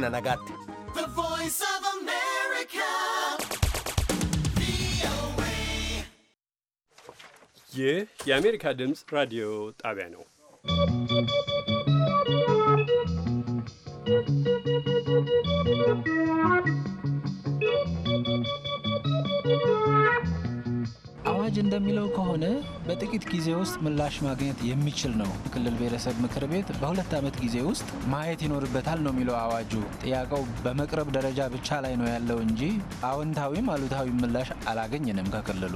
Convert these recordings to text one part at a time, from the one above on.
The Voice of America. Yeah, ይህ የአሜሪካ ድምፅ ራዲዮ ጣቢያ ነው። ወላጅ እንደሚለው ከሆነ በጥቂት ጊዜ ውስጥ ምላሽ ማግኘት የሚችል ነው። ክልል ብሔረሰብ ምክር ቤት በሁለት ዓመት ጊዜ ውስጥ ማየት ይኖርበታል ነው የሚለው አዋጁ። ጥያቄው በመቅረብ ደረጃ ብቻ ላይ ነው ያለው እንጂ አዎንታዊም አሉታዊም ምላሽ አላገኝንም ከክልሉ።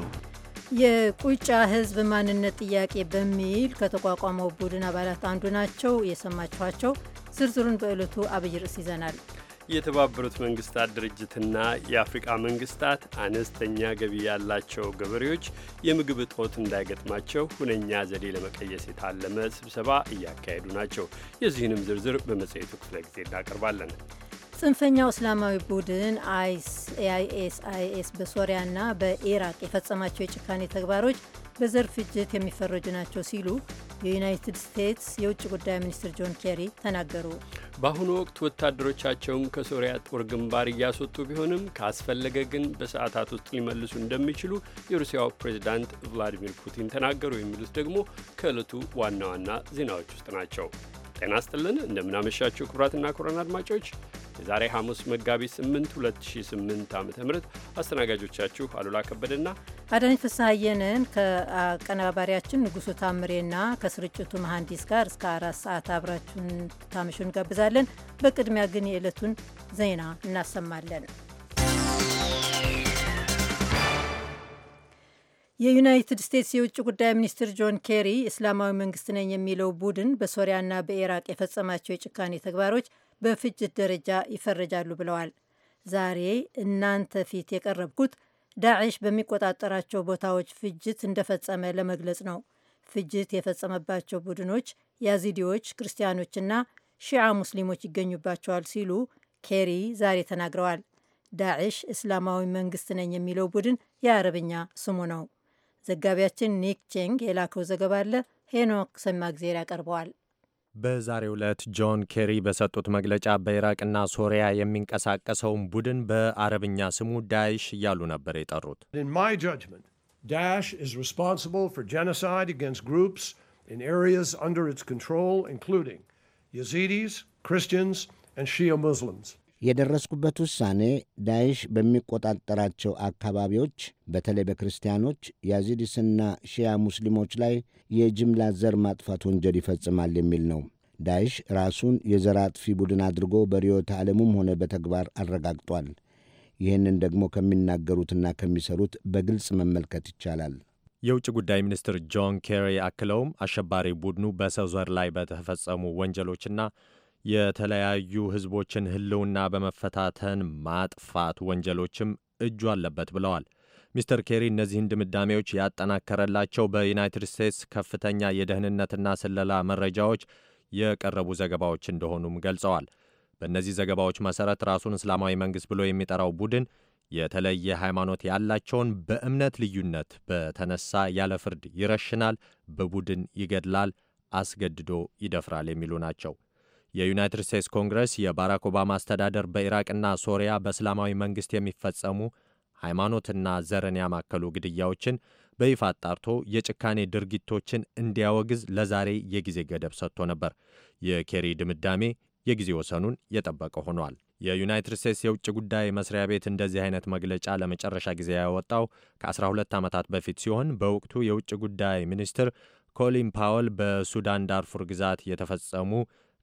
የቁጫ ሕዝብ ማንነት ጥያቄ በሚል ከተቋቋመው ቡድን አባላት አንዱ ናቸው የሰማችኋቸው። ዝርዝሩን በዕለቱ አብይ ርዕስ ይዘናል። የተባበሩት መንግስታት ድርጅትና የአፍሪቃ መንግስታት አነስተኛ ገቢ ያላቸው ገበሬዎች የምግብ እጦት እንዳይገጥማቸው ሁነኛ ዘዴ ለመቀየስ የታለመ ስብሰባ እያካሄዱ ናቸው። የዚህንም ዝርዝር በመጽሔቱ ክፍለ ጊዜ እናቀርባለን። ጽንፈኛው እስላማዊ ቡድን አይኤስአይኤስ በሶሪያና በኢራቅ የፈጸማቸው የጭካኔ ተግባሮች በዘር ፍጅት የሚፈረጁ ናቸው ሲሉ የዩናይትድ ስቴትስ የውጭ ጉዳይ ሚኒስትር ጆን ኬሪ ተናገሩ። በአሁኑ ወቅት ወታደሮቻቸውን ከሶሪያ ጦር ግንባር እያስወጡ ቢሆንም ካስፈለገ ግን በሰዓታት ውስጥ ሊመልሱ እንደሚችሉ የሩሲያው ፕሬዚዳንት ቭላዲሚር ፑቲን ተናገሩ። የሚሉት ደግሞ ከዕለቱ ዋና ዋና ዜናዎች ውስጥ ናቸው። ጤና ስጥልን እንደምናመሻችሁ ክቡራትና ክቡራን አድማጮች የዛሬ ሐሙስ መጋቢት 8 2008 ዓ ም አስተናጋጆቻችሁ አሉላ ከበደና አዳኒ ፍስሐየንን ከአቀናባሪያችን ንጉሱ ታምሬና ከስርጭቱ መሐንዲስ ጋር እስከ አራት ሰዓት አብራችሁን ታመሹ እንጋብዛለን። በቅድሚያ ግን የዕለቱን ዜና እናሰማለን። የዩናይትድ ስቴትስ የውጭ ጉዳይ ሚኒስትር ጆን ኬሪ እስላማዊ መንግስት ነኝ የሚለው ቡድን በሶሪያና በኢራቅ የፈጸማቸው የጭካኔ ተግባሮች በፍጅት ደረጃ ይፈረጃሉ ብለዋል። ዛሬ እናንተ ፊት የቀረብኩት ዳዕሽ በሚቆጣጠራቸው ቦታዎች ፍጅት እንደፈጸመ ለመግለጽ ነው። ፍጅት የፈጸመባቸው ቡድኖች ያዚዲዎች፣ ክርስቲያኖችና ሺዓ ሙስሊሞች ይገኙባቸዋል ሲሉ ኬሪ ዛሬ ተናግረዋል። ዳዕሽ እስላማዊ መንግስት ነኝ የሚለው ቡድን የአረብኛ ስሙ ነው። ዘጋቢያችን ኒክ ቼንግ የላከው ዘገባ አለ። ሄኖክ ሰማእግዜር ያቀርበዋል። በዛሬ ዕለት ጆን ኬሪ በሰጡት መግለጫ በኢራቅና ሶሪያ የሚንቀሳቀሰውን ቡድን በአረብኛ ስሙ ዳይሽ እያሉ ነበር የጠሩት። ኢን ዳሽ ኢዝ ሪስፖንስብል ፎር ጄኖሳይድ ግሩፕስ ኢን ኤሪያስ አንደር ኢትስ ኮንትሮል ኢንክሉዲንግ የዚዲስ ክርስቲያንስ የደረስኩበት ውሳኔ ዳይሽ በሚቆጣጠራቸው አካባቢዎች በተለይ በክርስቲያኖች ያዚዲስና ሺያ ሙስሊሞች ላይ የጅምላ ዘር ማጥፋት ወንጀል ይፈጽማል የሚል ነው። ዳይሽ ራሱን የዘር አጥፊ ቡድን አድርጎ በርዕዮተ ዓለሙም ሆነ በተግባር አረጋግጧል። ይህንን ደግሞ ከሚናገሩትና ከሚሰሩት በግልጽ መመልከት ይቻላል። የውጭ ጉዳይ ሚኒስትር ጆን ኬሪ አክለውም አሸባሪ ቡድኑ በሰው ዘር ላይ በተፈጸሙ ወንጀሎችና የተለያዩ ህዝቦችን ህልውና በመፈታተን ማጥፋት ወንጀሎችም እጁ አለበት ብለዋል። ሚስተር ኬሪ እነዚህን ድምዳሜዎች ያጠናከረላቸው በዩናይትድ ስቴትስ ከፍተኛ የደህንነትና ስለላ መረጃዎች የቀረቡ ዘገባዎች እንደሆኑም ገልጸዋል። በእነዚህ ዘገባዎች መሠረት ራሱን እስላማዊ መንግሥት ብሎ የሚጠራው ቡድን የተለየ ሃይማኖት ያላቸውን በእምነት ልዩነት በተነሳ ያለ ፍርድ ይረሽናል፣ በቡድን ይገድላል፣ አስገድዶ ይደፍራል የሚሉ ናቸው። የዩናይትድ ስቴትስ ኮንግረስ የባራክ ኦባማ አስተዳደር በኢራቅና ሶሪያ በእስላማዊ መንግሥት የሚፈጸሙ ሃይማኖትና ዘርን ያማከሉ ግድያዎችን በይፋ አጣርቶ የጭካኔ ድርጊቶችን እንዲያወግዝ ለዛሬ የጊዜ ገደብ ሰጥቶ ነበር። የኬሪ ድምዳሜ የጊዜ ወሰኑን የጠበቀ ሆኗል። የዩናይትድ ስቴትስ የውጭ ጉዳይ መስሪያ ቤት እንደዚህ አይነት መግለጫ ለመጨረሻ ጊዜ ያወጣው ከ12 ዓመታት በፊት ሲሆን በወቅቱ የውጭ ጉዳይ ሚኒስትር ኮሊን ፓወል በሱዳን ዳርፉር ግዛት የተፈጸሙ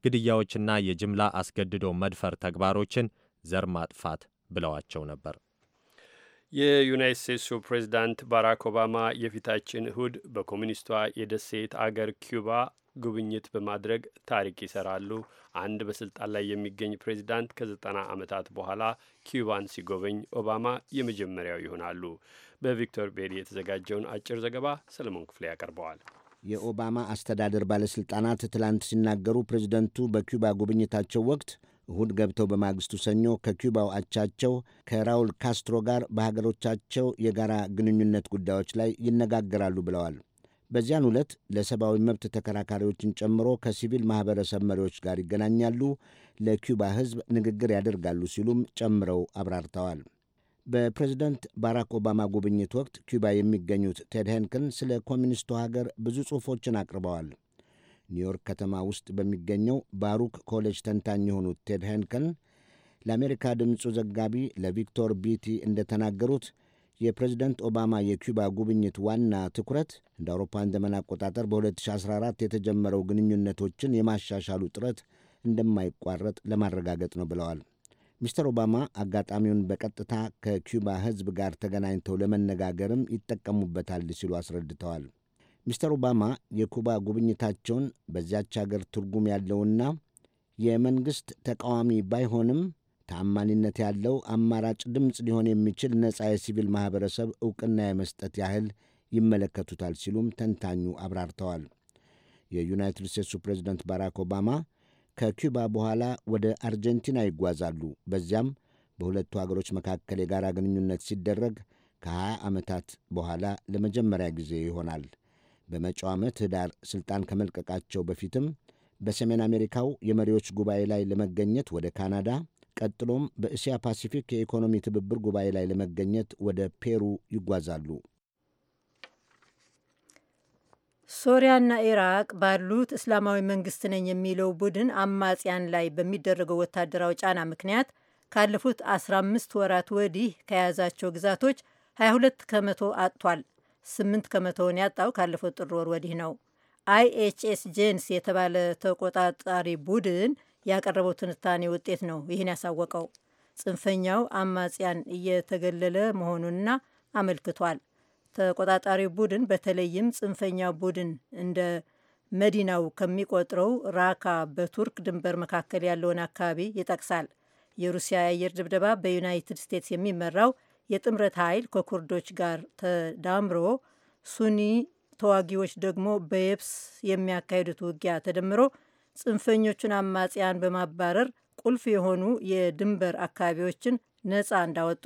ግድያዎችና የጅምላ አስገድዶ መድፈር ተግባሮችን ዘር ማጥፋት ብለዋቸው ነበር። የዩናይት ስቴትሱ ፕሬዚዳንት ባራክ ኦባማ የፊታችን እሁድ በኮሚኒስቷ የደሴት አገር ኪዩባ ጉብኝት በማድረግ ታሪክ ይሰራሉ። አንድ በስልጣን ላይ የሚገኝ ፕሬዚዳንት ከዘጠና ዓመታት በኋላ ኪዩባን ሲጎበኝ ኦባማ የመጀመሪያው ይሆናሉ። በቪክቶር ቤሪ የተዘጋጀውን አጭር ዘገባ ሰለሞን ክፍሌ ያቀርበዋል። የኦባማ አስተዳደር ባለሥልጣናት ትላንት ሲናገሩ ፕሬዚደንቱ በኪዩባ ጉብኝታቸው ወቅት እሁድ ገብተው በማግስቱ ሰኞ ከኪዩባው አቻቸው ከራውል ካስትሮ ጋር በሀገሮቻቸው የጋራ ግንኙነት ጉዳዮች ላይ ይነጋገራሉ ብለዋል። በዚያን ዕለት ለሰብአዊ መብት ተከራካሪዎችን ጨምሮ ከሲቪል ማኅበረሰብ መሪዎች ጋር ይገናኛሉ፣ ለኪዩባ ሕዝብ ንግግር ያደርጋሉ ሲሉም ጨምረው አብራርተዋል። በፕሬዝደንት ባራክ ኦባማ ጉብኝት ወቅት ኪዩባ የሚገኙት ቴድ ሄንክን ስለ ኮሚኒስቱ ሀገር ብዙ ጽሑፎችን አቅርበዋል። ኒውዮርክ ከተማ ውስጥ በሚገኘው ባሩክ ኮሌጅ ተንታኝ የሆኑት ቴድ ሄንክን ለአሜሪካ ድምፁ ዘጋቢ ለቪክቶር ቢቲ እንደተናገሩት የፕሬዝደንት ኦባማ የኪዩባ ጉብኝት ዋና ትኩረት እንደ አውሮፓን ዘመን አቆጣጠር በ2014 የተጀመረው ግንኙነቶችን የማሻሻሉ ጥረት እንደማይቋረጥ ለማረጋገጥ ነው ብለዋል። ሚስተር ኦባማ አጋጣሚውን በቀጥታ ከኪዩባ ሕዝብ ጋር ተገናኝተው ለመነጋገርም ይጠቀሙበታል ሲሉ አስረድተዋል። ሚስተር ኦባማ የኩባ ጉብኝታቸውን በዚያች አገር ትርጉም ያለውና የመንግሥት ተቃዋሚ ባይሆንም ተአማኒነት ያለው አማራጭ ድምፅ ሊሆን የሚችል ነጻ የሲቪል ማኅበረሰብ ዕውቅና የመስጠት ያህል ይመለከቱታል ሲሉም ተንታኙ አብራርተዋል። የዩናይትድ ስቴትሱ ፕሬዝደንት ባራክ ኦባማ ከኪባ በኋላ ወደ አርጀንቲና ይጓዛሉ። በዚያም በሁለቱ አገሮች መካከል የጋራ ግንኙነት ሲደረግ ከ20 ዓመታት በኋላ ለመጀመሪያ ጊዜ ይሆናል። በመጪው ዓመት ህዳር ሥልጣን ከመልቀቃቸው በፊትም በሰሜን አሜሪካው የመሪዎች ጉባኤ ላይ ለመገኘት ወደ ካናዳ ቀጥሎም በእስያ ፓሲፊክ የኢኮኖሚ ትብብር ጉባኤ ላይ ለመገኘት ወደ ፔሩ ይጓዛሉ። ሶሪያና ኢራቅ ባሉት እስላማዊ መንግስት ነኝ የሚለው ቡድን አማጽያን ላይ በሚደረገው ወታደራዊ ጫና ምክንያት ካለፉት 15 ወራት ወዲህ ከያዛቸው ግዛቶች 22 ከመቶ አጥቷል። 8 ከመቶውን ያጣው ካለፈው ጥር ወር ወዲህ ነው። አይኤችኤስ ጄንስ የተባለ ተቆጣጣሪ ቡድን ያቀረበው ትንታኔ ውጤት ነው ይህን ያሳወቀው። ጽንፈኛው አማጽያን እየተገለለ መሆኑንና አመልክቷል። ተቆጣጣሪ ቡድን በተለይም ጽንፈኛ ቡድን እንደ መዲናው ከሚቆጥረው ራካ በቱርክ ድንበር መካከል ያለውን አካባቢ ይጠቅሳል። የሩሲያ የአየር ድብደባ በዩናይትድ ስቴትስ የሚመራው የጥምረት ኃይል ከኩርዶች ጋር ተዳምሮ ሱኒ ተዋጊዎች ደግሞ በየብስ የሚያካሂዱት ውጊያ ተደምሮ ጽንፈኞቹን አማጽያን በማባረር ቁልፍ የሆኑ የድንበር አካባቢዎችን ነፃ እንዳወጡ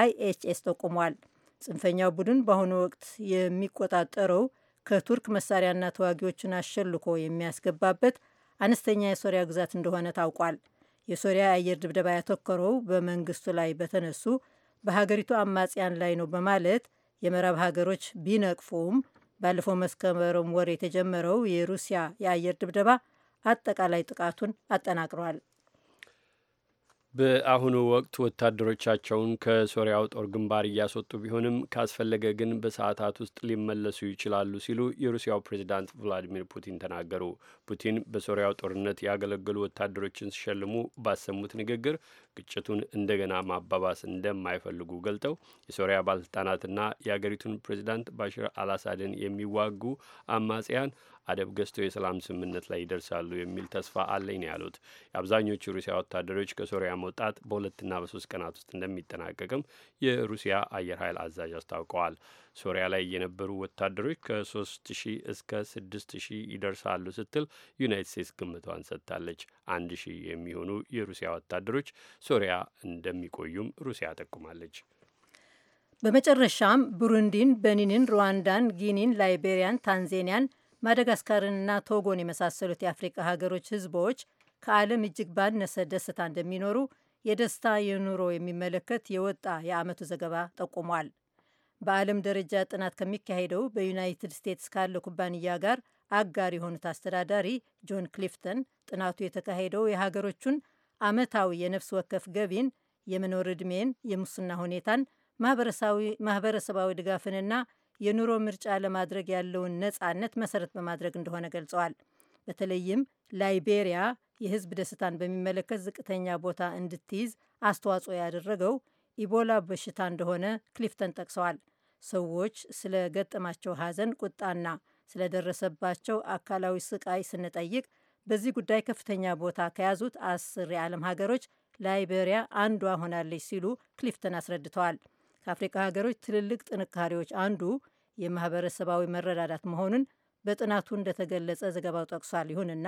አይኤችኤስ ጠቁሟል። ጽንፈኛው ቡድን በአሁኑ ወቅት የሚቆጣጠረው ከቱርክ መሳሪያና ተዋጊዎችን አሸልኮ የሚያስገባበት አነስተኛ የሶሪያ ግዛት እንደሆነ ታውቋል። የሶሪያ የአየር ድብደባ ያተኮረው በመንግስቱ ላይ በተነሱ በሀገሪቱ አማጽያን ላይ ነው በማለት የምዕራብ ሀገሮች ቢነቅፉም ባለፈው መስከረም ወር የተጀመረው የሩሲያ የአየር ድብደባ አጠቃላይ ጥቃቱን አጠናቅሯል። በአሁኑ ወቅት ወታደሮቻቸውን ከሶሪያው ጦር ግንባር እያስወጡ ቢሆንም ካስፈለገ ግን በሰዓታት ውስጥ ሊመለሱ ይችላሉ ሲሉ የሩሲያው ፕሬዚዳንት ቭላዲሚር ፑቲን ተናገሩ። ፑቲን በሶሪያው ጦርነት ያገለገሉ ወታደሮችን ሲሸልሙ ባሰሙት ንግግር ግጭቱን እንደገና ማባባስ እንደማይፈልጉ ገልጠው የሶሪያ ባለስልጣናትና የአገሪቱን ፕሬዚዳንት ባሽር አልአሳድን የሚዋጉ አማጽያን አደብ ገዝቶ የሰላም ስምምነት ላይ ይደርሳሉ የሚል ተስፋ አለኝ ነው ያሉት። የአብዛኞቹ ሩሲያ ወታደሮች ከሶሪያ መውጣት በሁለትና በሶስት ቀናት ውስጥ እንደሚጠናቀቅም የሩሲያ አየር ኃይል አዛዥ አስታውቀዋል። ሶሪያ ላይ የነበሩ ወታደሮች ከ3 ሺህ እስከ 6 ሺህ ይደርሳሉ ስትል ዩናይት ስቴትስ ግምቷን ሰጥታለች። አንድ ሺህ የሚሆኑ የሩሲያ ወታደሮች ሶሪያ እንደሚቆዩም ሩሲያ ጠቁማለች። በመጨረሻም ቡሩንዲን፣ በኒንን፣ ሩዋንዳን፣ ጊኒን፣ ላይቤሪያን፣ ታንዜኒያን፣ ማደጋስካርንና ቶጎን የመሳሰሉት የአፍሪቃ ሀገሮች ህዝቦች ከዓለም እጅግ ባነሰ ደስታ እንደሚኖሩ የደስታ የኑሮ የሚመለከት የወጣ የአመቱ ዘገባ ጠቁሟል። በዓለም ደረጃ ጥናት ከሚካሄደው በዩናይትድ ስቴትስ ካለ ኩባንያ ጋር አጋር የሆኑት አስተዳዳሪ ጆን ክሊፍተን ጥናቱ የተካሄደው የሀገሮቹን ዓመታዊ የነፍስ ወከፍ ገቢን፣ የመኖር ዕድሜን፣ የሙስና ሁኔታን፣ ማህበረሰባዊ ድጋፍንና የኑሮ ምርጫ ለማድረግ ያለውን ነፃነት መሰረት በማድረግ እንደሆነ ገልጸዋል። በተለይም ላይቤሪያ የህዝብ ደስታን በሚመለከት ዝቅተኛ ቦታ እንድትይዝ አስተዋጽኦ ያደረገው ኢቦላ በሽታ እንደሆነ ክሊፍተን ጠቅሰዋል። ሰዎች ስለ ገጠማቸው ሐዘን፣ ቁጣና ስለደረሰባቸው አካላዊ ስቃይ ስንጠይቅ በዚህ ጉዳይ ከፍተኛ ቦታ ከያዙት አስር የዓለም ሀገሮች ላይቤሪያ አንዷ ሆናለች ሲሉ ክሊፍተን አስረድተዋል። ከአፍሪካ ሀገሮች ትልልቅ ጥንካሬዎች አንዱ የማህበረሰባዊ መረዳዳት መሆኑን በጥናቱ እንደተገለጸ ዘገባው ጠቅሷል። ይሁንና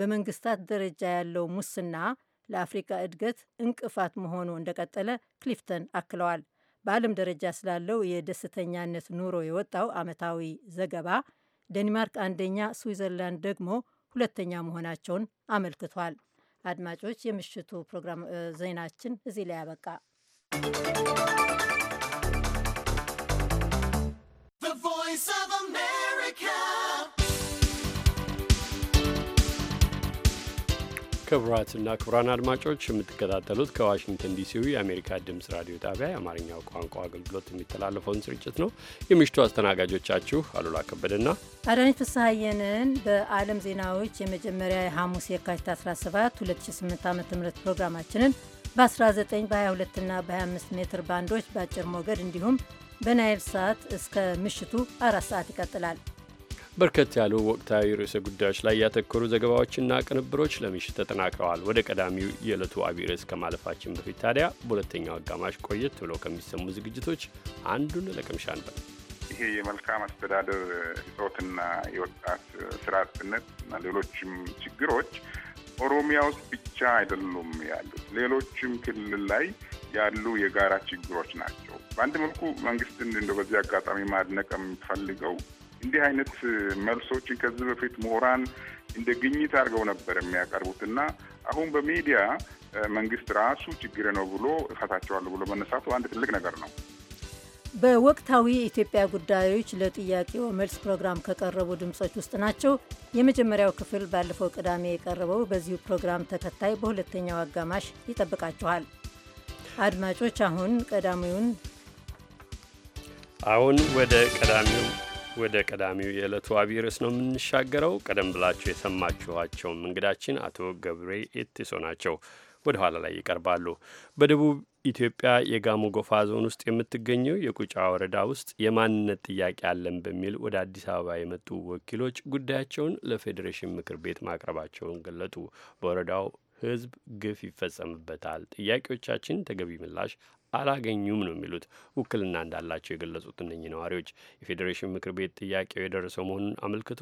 በመንግስታት ደረጃ ያለው ሙስና ለአፍሪካ እድገት እንቅፋት መሆኑ እንደቀጠለ ክሊፍተን አክለዋል። በዓለም ደረጃ ስላለው የደስተኛነት ኑሮ የወጣው ዓመታዊ ዘገባ ደንማርክ አንደኛ፣ ስዊዘርላንድ ደግሞ ሁለተኛ መሆናቸውን አመልክቷል። አድማጮች፣ የምሽቱ ፕሮግራም ዜናችን እዚህ ላይ ያበቃ። ክቡራትና ክቡራን አድማጮች የምትከታተሉት ከዋሽንግተን ዲሲው የአሜሪካ ድምፅ ራዲዮ ጣቢያ የአማርኛው ቋንቋ አገልግሎት የሚተላለፈውን ስርጭት ነው። የምሽቱ አስተናጋጆቻችሁ አሉላ ከበደና አዳነች ፍስሐየንን በዓለም ዜናዎች የመጀመሪያ የሐሙስ የካቲት 17 2008 ዓ ም ፕሮግራማችንን በ19 በ22ና በ25 ሜትር ባንዶች በአጭር ሞገድ እንዲሁም በናይል ሰዓት እስከ ምሽቱ አራት ሰዓት ይቀጥላል። በርከት ያሉ ወቅታዊ ርዕሰ ጉዳዮች ላይ ያተኮሩ ዘገባዎችና ቅንብሮች ለምሽት ተጠናቅረዋል። ወደ ቀዳሚው የዕለቱ አብይ ርዕስ ከማለፋችን በፊት ታዲያ በሁለተኛው አጋማሽ ቆየት ብሎ ከሚሰሙ ዝግጅቶች አንዱን ለቅምሻ አንበል። ይሄ የመልካም አስተዳደር እጦትና የወጣት ስራ አጥነት እና ሌሎችም ችግሮች ኦሮሚያ ውስጥ ብቻ አይደሉም ያሉት፣ ሌሎችም ክልል ላይ ያሉ የጋራ ችግሮች ናቸው። በአንድ መልኩ መንግስትን እንደ በዚህ አጋጣሚ ማድነቅ የምትፈልገው እንዲህ አይነት መልሶችን ከዚህ በፊት ምሁራን እንደ ግኝት አድርገው ነበር የሚያቀርቡት እና አሁን በሚዲያ መንግስት ራሱ ችግር ነው ብሎ እፈታቸዋለሁ ብሎ መነሳቱ አንድ ትልቅ ነገር ነው። በወቅታዊ የኢትዮጵያ ጉዳዮች ለጥያቄው መልስ ፕሮግራም ከቀረቡ ድምፆች ውስጥ ናቸው። የመጀመሪያው ክፍል ባለፈው ቅዳሜ የቀረበው በዚሁ ፕሮግራም ተከታይ በሁለተኛው አጋማሽ ይጠብቃችኋል። አድማጮች አሁን ቀዳሚውን አሁን ወደ ቀዳሚው ወደ ቀዳሚው የዕለቱ አብይ ርዕስ ነው የምንሻገረው። ቀደም ብላችሁ የሰማችኋቸውም እንግዳችን አቶ ገብሬ ኤትሶ ናቸው። ወደ ኋላ ላይ ይቀርባሉ። በደቡብ ኢትዮጵያ የጋሞ ጎፋ ዞን ውስጥ የምትገኘው የቁጫ ወረዳ ውስጥ የማንነት ጥያቄ አለን በሚል ወደ አዲስ አበባ የመጡ ወኪሎች ጉዳያቸውን ለፌዴሬሽን ምክር ቤት ማቅረባቸውን ገለጡ። በወረዳው ህዝብ ግፍ ይፈጸምበታል። ጥያቄዎቻችን ተገቢ ምላሽ አላገኙም ነው የሚሉት ውክልና እንዳላቸው የገለጹት እነኚህ ነዋሪዎች የፌዴሬሽን ምክር ቤት ጥያቄው የደረሰው መሆኑን አመልክቶ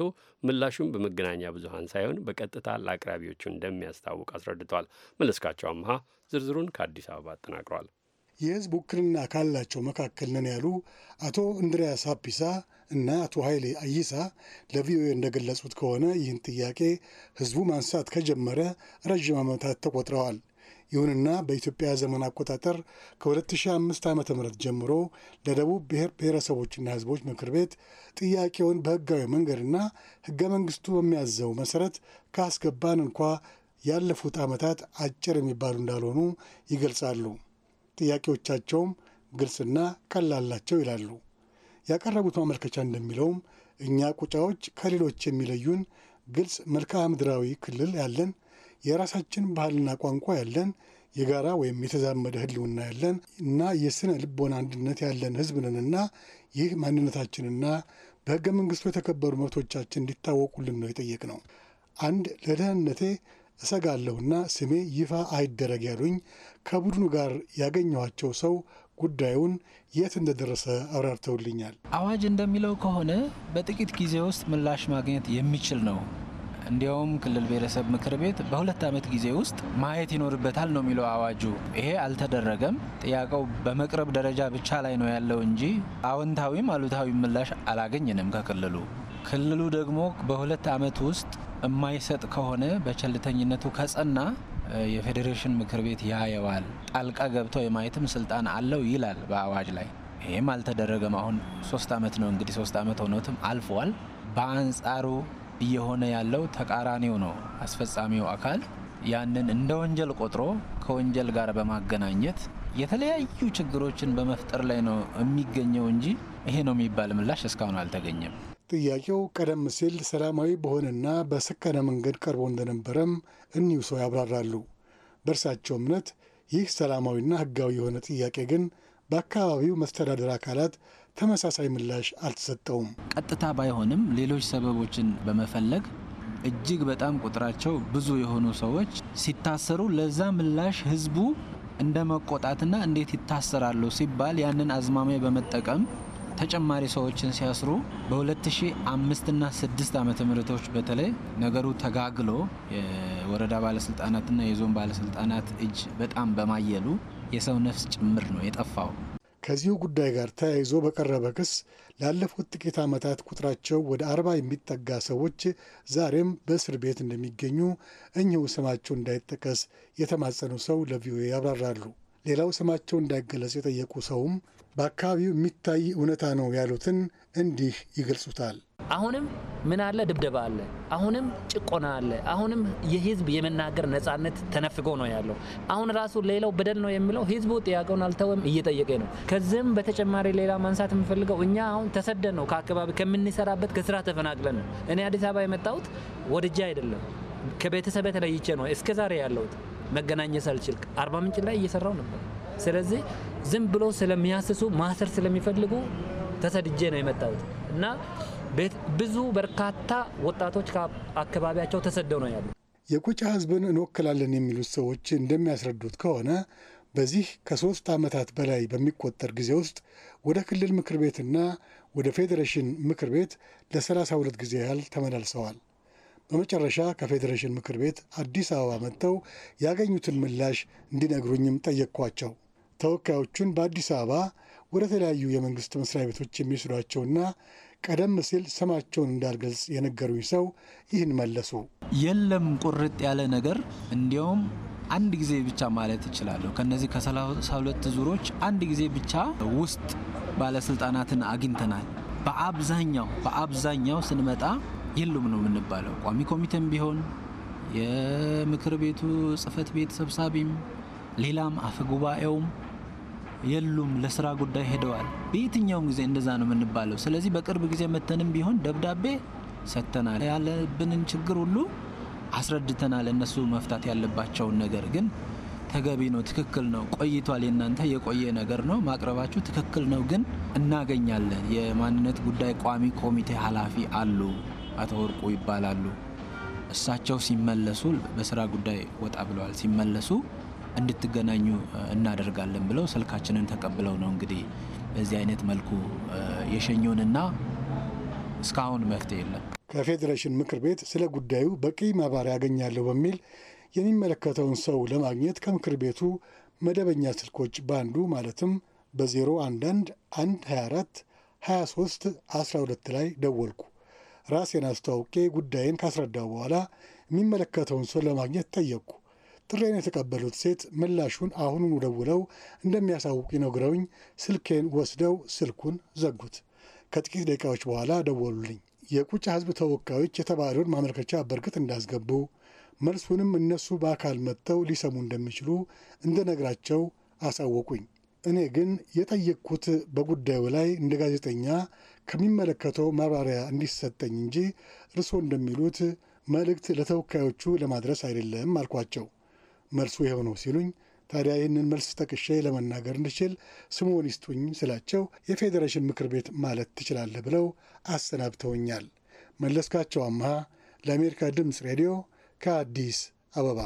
ምላሹም በመገናኛ ብዙኃን ሳይሆን በቀጥታ ለአቅራቢዎቹ እንደሚያስታውቅ አስረድቷል። መለስካቸው አምሃ ዝርዝሩን ከአዲስ አበባ አጠናቅሯል። የህዝብ ውክልና ካላቸው መካከል ነን ያሉ አቶ እንድሪያስ አፒሳ እና አቶ ኃይሌ አይሳ ለቪኦኤ እንደገለጹት ከሆነ ይህን ጥያቄ ህዝቡ ማንሳት ከጀመረ ረዥም ዓመታት ተቆጥረዋል። ይሁንና በኢትዮጵያ ዘመን አቆጣጠር ከ2005 ዓ ም ጀምሮ ለደቡብ ብሔር ብሔረሰቦችና ህዝቦች ምክር ቤት ጥያቄውን በህጋዊ መንገድና ህገ መንግስቱ በሚያዘው መሰረት ካስገባን እንኳ ያለፉት ዓመታት አጭር የሚባሉ እንዳልሆኑ ይገልጻሉ። ጥያቄዎቻቸውም ግልጽና ቀላላቸው ይላሉ። ያቀረቡት ማመልከቻ እንደሚለውም እኛ ቁጫዎች ከሌሎች የሚለዩን ግልጽ መልክዓ ምድራዊ ክልል ያለን፣ የራሳችን ባህልና ቋንቋ ያለን፣ የጋራ ወይም የተዛመደ ህልውና ያለን እና የስነ ልቦና አንድነት ያለን ህዝብ ነንና ይህ ማንነታችንና በህገ መንግስቱ የተከበሩ መብቶቻችን እንዲታወቁልን ነው የጠየቅ ነው። አንድ ለደህንነቴ እሰጋለሁና ስሜ ይፋ አይደረግ ያሉኝ ከቡድኑ ጋር ያገኘኋቸው ሰው ጉዳዩን የት እንደደረሰ አብራርተውልኛል። አዋጅ እንደሚለው ከሆነ በጥቂት ጊዜ ውስጥ ምላሽ ማግኘት የሚችል ነው። እንዲያውም ክልል ብሔረሰብ ምክር ቤት በሁለት ዓመት ጊዜ ውስጥ ማየት ይኖርበታል ነው የሚለው አዋጁ። ይሄ አልተደረገም። ጥያቄው በመቅረብ ደረጃ ብቻ ላይ ነው ያለው እንጂ አዎንታዊም አሉታዊም ምላሽ አላገኝንም ከክልሉ። ክልሉ ደግሞ በሁለት ዓመት ውስጥ የማይሰጥ ከሆነ በቸልተኝነቱ ከጸና የፌዴሬሽን ምክር ቤት ያየዋል፣ ጣልቃ ገብተው የማየትም ስልጣን አለው ይላል በአዋጅ ላይ። ይህም አልተደረገም። አሁን ሶስት ዓመት ነው እንግዲህ ሶስት ዓመት ሆኖትም አልፏል። በአንጻሩ እየሆነ ያለው ተቃራኒው ነው። አስፈጻሚው አካል ያንን እንደ ወንጀል ቆጥሮ ከወንጀል ጋር በማገናኘት የተለያዩ ችግሮችን በመፍጠር ላይ ነው የሚገኘው እንጂ ይሄ ነው የሚባል ምላሽ እስካሁን አልተገኘም። ጥያቄው ቀደም ሲል ሰላማዊ በሆነና በሰከነ መንገድ ቀርቦ እንደነበረም እኒሁ ሰው ያብራራሉ። በእርሳቸው እምነት ይህ ሰላማዊና ሕጋዊ የሆነ ጥያቄ ግን በአካባቢው መስተዳደር አካላት ተመሳሳይ ምላሽ አልተሰጠውም። ቀጥታ ባይሆንም ሌሎች ሰበቦችን በመፈለግ እጅግ በጣም ቁጥራቸው ብዙ የሆኑ ሰዎች ሲታሰሩ ለዛ ምላሽ ህዝቡ እንደ መቆጣትና እንዴት ይታሰራሉ ሲባል ያንን አዝማሚያ በመጠቀም ተጨማሪ ሰዎችን ሲያስሩ በ2005 እና 6 ዓመተ ምህረቶች በተለይ ነገሩ ተጋግሎ የወረዳ ባለስልጣናትና የዞን ባለስልጣናት እጅ በጣም በማየሉ የሰው ነፍስ ጭምር ነው የጠፋው። ከዚሁ ጉዳይ ጋር ተያይዞ በቀረበ ክስ ላለፉት ጥቂት ዓመታት ቁጥራቸው ወደ አርባ የሚጠጋ ሰዎች ዛሬም በእስር ቤት እንደሚገኙ እኚሁ ስማቸው እንዳይጠቀስ የተማጸኑ ሰው ለቪኦኤ ያብራራሉ። ሌላው ስማቸው እንዳይገለጽ የጠየቁ ሰውም በአካባቢው የሚታይ እውነታ ነው ያሉትን እንዲህ ይገልጹታል። አሁንም ምን አለ? ድብደባ አለ፣ አሁንም ጭቆና አለ፣ አሁንም የህዝብ የመናገር ነጻነት ተነፍጎ ነው ያለው። አሁን ራሱ ሌላው በደል ነው የሚለው ህዝቡ ጥያቄውን አልተወም፣ እየጠየቀ ነው። ከዚህም በተጨማሪ ሌላ ማንሳት የምፈልገው እኛ አሁን ተሰደን ነው ከአካባቢ ከምንሰራበት ከስራ ተፈናቅለን ነው። እኔ አዲስ አበባ የመጣሁት ወድጄ አይደለም፣ ከቤተሰብ ተለይቼ ነው እስከዛሬ ያለሁት መገናኘት ሳልችል አርባ ምንጭ ላይ እየሰራው ነበር። ስለዚህ ዝም ብሎ ስለሚያስሱ ማሰር ስለሚፈልጉ ተሰድጄ ነው የመጣሁት እና ብዙ በርካታ ወጣቶች ከአካባቢያቸው ተሰደው ነው ያሉ። የቁጫ ህዝብን እንወክላለን የሚሉት ሰዎች እንደሚያስረዱት ከሆነ በዚህ ከሶስት ዓመታት በላይ በሚቆጠር ጊዜ ውስጥ ወደ ክልል ምክር ቤትና ወደ ፌዴሬሽን ምክር ቤት ለ32 ጊዜ ያህል ተመላልሰዋል። በመጨረሻ ከፌዴሬሽን ምክር ቤት አዲስ አበባ መጥተው ያገኙትን ምላሽ እንዲነግሩኝም ጠየቅኳቸው። ተወካዮቹን በአዲስ አበባ ወደ ተለያዩ የመንግስት መስሪያ ቤቶች የሚወስዷቸውና ቀደም ሲል ስማቸውን እንዳልገልጽ የነገሩኝ ሰው ይህን መለሱ። የለም ቁርጥ ያለ ነገር እንዲያውም አንድ ጊዜ ብቻ ማለት እችላለሁ። ከነዚህ ከሰላሳ ሁለት ዙሮች አንድ ጊዜ ብቻ ውስጥ ባለስልጣናትን አግኝተናል። በአብዛኛው በአብዛኛው ስንመጣ የሉም ነው የምንባለው። ቋሚ ኮሚቴም ቢሆን የምክር ቤቱ ጽህፈት ቤት ሰብሳቢም ሌላም አፈ ጉባኤውም የሉም፣ ለስራ ጉዳይ ሄደዋል። በየትኛውም ጊዜ እንደዛ ነው የምንባለው። ስለዚህ በቅርብ ጊዜ መተንም ቢሆን ደብዳቤ ሰጥተናል። ያለብንን ችግር ሁሉ አስረድተናል። እነሱ መፍታት ያለባቸውን ነገር ግን ተገቢ ነው፣ ትክክል ነው፣ ቆይቷል። የእናንተ የቆየ ነገር ነው ማቅረባችሁ ትክክል ነው። ግን እናገኛለን የማንነት ጉዳይ ቋሚ ኮሚቴ ኃላፊ አሉ አቶ ወርቁ ይባላሉ። እሳቸው ሲመለሱ በስራ ጉዳይ ወጣ ብለዋል። ሲመለሱ እንድትገናኙ እናደርጋለን ብለው ስልካችንን ተቀብለው ነው እንግዲህ በዚህ አይነት መልኩ የሸኙንና እስካሁን መፍትሄ የለም። ከፌዴሬሽን ምክር ቤት ስለ ጉዳዩ በቂ ማብራሪያ ያገኛለሁ በሚል የሚመለከተውን ሰው ለማግኘት ከምክር ቤቱ መደበኛ ስልኮች በአንዱ ማለትም በ011 124 23 12 ላይ ደወልኩ። ራሴን አስተዋውቄ ጉዳይን ካስረዳው በኋላ የሚመለከተውን ሰው ለማግኘት ጠየቅኩ። ጥሬን የተቀበሉት ሴት ምላሹን አሁኑን ደውለው እንደሚያሳውቅ ይነግረውኝ ስልኬን ወስደው ስልኩን ዘጉት። ከጥቂት ደቂቃዎች በኋላ ደወሉልኝ። የቁጫ ሕዝብ ተወካዮች የተባለውን ማመልከቻ በእርግጥ እንዳስገቡ መልሱንም እነሱ በአካል መጥተው ሊሰሙ እንደሚችሉ እንደነግራቸው አሳወቁኝ። እኔ ግን የጠየቅኩት በጉዳዩ ላይ እንደ ጋዜጠኛ ከሚመለከተው ማብራሪያ እንዲሰጠኝ እንጂ እርስዎ እንደሚሉት መልእክት ለተወካዮቹ ለማድረስ አይደለም አልኳቸው። መልሱ ይኸው ነው ሲሉኝ ታዲያ ይህንን መልስ ጠቅሼ ለመናገር እንድችል ስሙን ይስጡኝ ስላቸው የፌዴሬሽን ምክር ቤት ማለት ትችላለህ ብለው አሰናብተውኛል። መለስካቸው አምሃ ለአሜሪካ ድምፅ ሬዲዮ ከአዲስ አበባ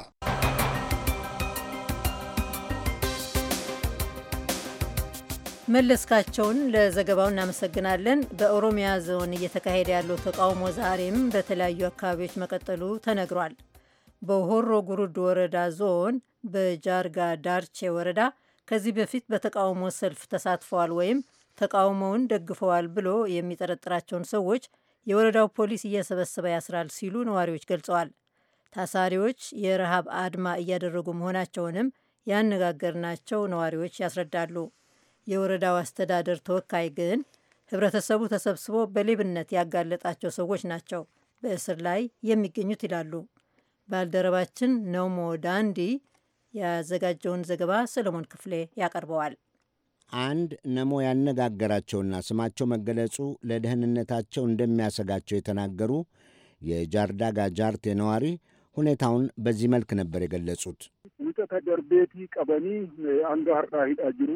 መለስካቸውን ለዘገባው እናመሰግናለን። በኦሮሚያ ዞን እየተካሄደ ያለው ተቃውሞ ዛሬም በተለያዩ አካባቢዎች መቀጠሉ ተነግሯል። በሆሮ ጉሩድ ወረዳ ዞን በጃርጋ ዳርቼ ወረዳ ከዚህ በፊት በተቃውሞ ሰልፍ ተሳትፈዋል ወይም ተቃውሞውን ደግፈዋል ብሎ የሚጠረጥራቸውን ሰዎች የወረዳው ፖሊስ እየሰበሰበ ያስራል ሲሉ ነዋሪዎች ገልጸዋል። ታሳሪዎች የረሃብ አድማ እያደረጉ መሆናቸውንም ያነጋገርናቸው ነዋሪዎች ያስረዳሉ። የወረዳው አስተዳደር ተወካይ ግን ህብረተሰቡ ተሰብስቦ በሌብነት ያጋለጣቸው ሰዎች ናቸው በእስር ላይ የሚገኙት ይላሉ። ባልደረባችን ነሞ ዳንዲ ያዘጋጀውን ዘገባ ሰለሞን ክፍሌ ያቀርበዋል። አንድ ነሞ ያነጋገራቸውና ስማቸው መገለጹ ለደህንነታቸው እንደሚያሰጋቸው የተናገሩ የጃርዳጋ ጃርቴ ነዋሪ ሁኔታውን በዚህ መልክ ነበር የገለጹት። ቀበኒ አንዱ አርዳ ሂዳ ጅሩ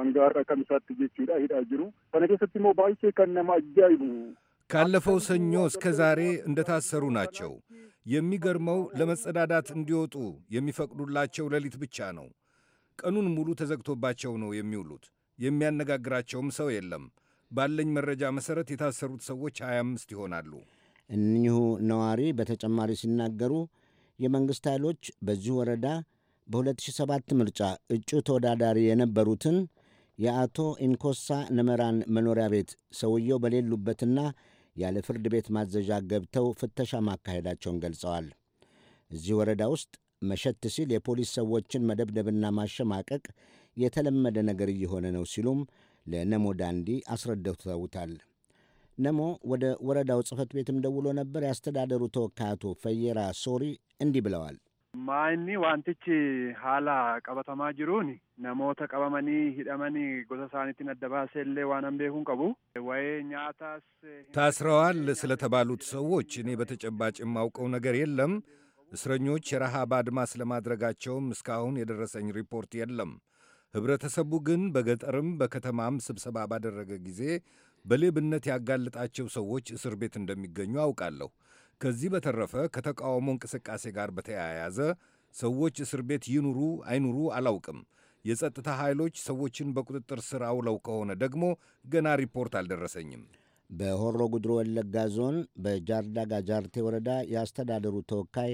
አንጋራ ከምሳት ሂዳ ሂዳ ጅሩ ከነገሰት ሞ ባይቼ ከነማ እጃይቡ ካለፈው ሰኞ እስከ ዛሬ እንደታሰሩ ናቸው። የሚገርመው ለመጸዳዳት እንዲወጡ የሚፈቅዱላቸው ሌሊት ብቻ ነው። ቀኑን ሙሉ ተዘግቶባቸው ነው የሚውሉት። የሚያነጋግራቸውም ሰው የለም። ባለኝ መረጃ መሠረት የታሰሩት ሰዎች 25 ይሆናሉ። እኚሁ ነዋሪ በተጨማሪ ሲናገሩ የመንግሥት ኃይሎች በዚህ ወረዳ በ2007 ምርጫ እጩ ተወዳዳሪ የነበሩትን የአቶ ኢንኮሳ ነመራን መኖሪያ ቤት ሰውየው በሌሉበትና ያለ ፍርድ ቤት ማዘዣ ገብተው ፍተሻ ማካሄዳቸውን ገልጸዋል። እዚህ ወረዳ ውስጥ መሸት ሲል የፖሊስ ሰዎችን መደብደብና ማሸማቀቅ የተለመደ ነገር እየሆነ ነው ሲሉም ለነሞ ዳንዲ አስረድተውታል። ነሞ ወደ ወረዳው ጽሕፈት ቤትም ደውሎ ነበር። ያስተዳደሩ ተወካይ አቶ ፈየራ ሶሪ እንዲህ ብለዋል። Amma inni wantichi haala qabatamaa jiruun namoota qabamanii hidhamanii gosa isaaniitiin adda baasee illee waan beekuun qabu waye nyaatas ታስረዋል ስለተባሉት ሰዎች እኔ በተጨባጭ የማውቀው ነገር የለም። እስረኞች የረሃብ አድማስ ስለማድረጋቸውም እስካሁን የደረሰኝ ሪፖርት የለም። ኅብረተሰቡ ግን በገጠርም በከተማም ስብሰባ ባደረገ ጊዜ በሌብነት ያጋልጣቸው ሰዎች እስር ቤት እንደሚገኙ አውቃለሁ። ከዚህ በተረፈ ከተቃውሞ እንቅስቃሴ ጋር በተያያዘ ሰዎች እስር ቤት ይኑሩ አይኑሩ አላውቅም። የጸጥታ ኃይሎች ሰዎችን በቁጥጥር ስር አውለው ከሆነ ደግሞ ገና ሪፖርት አልደረሰኝም። በሆሮ ጉድሮ ወለጋ ዞን በጃርዳጋ ጃርቴ ወረዳ የአስተዳደሩ ተወካይ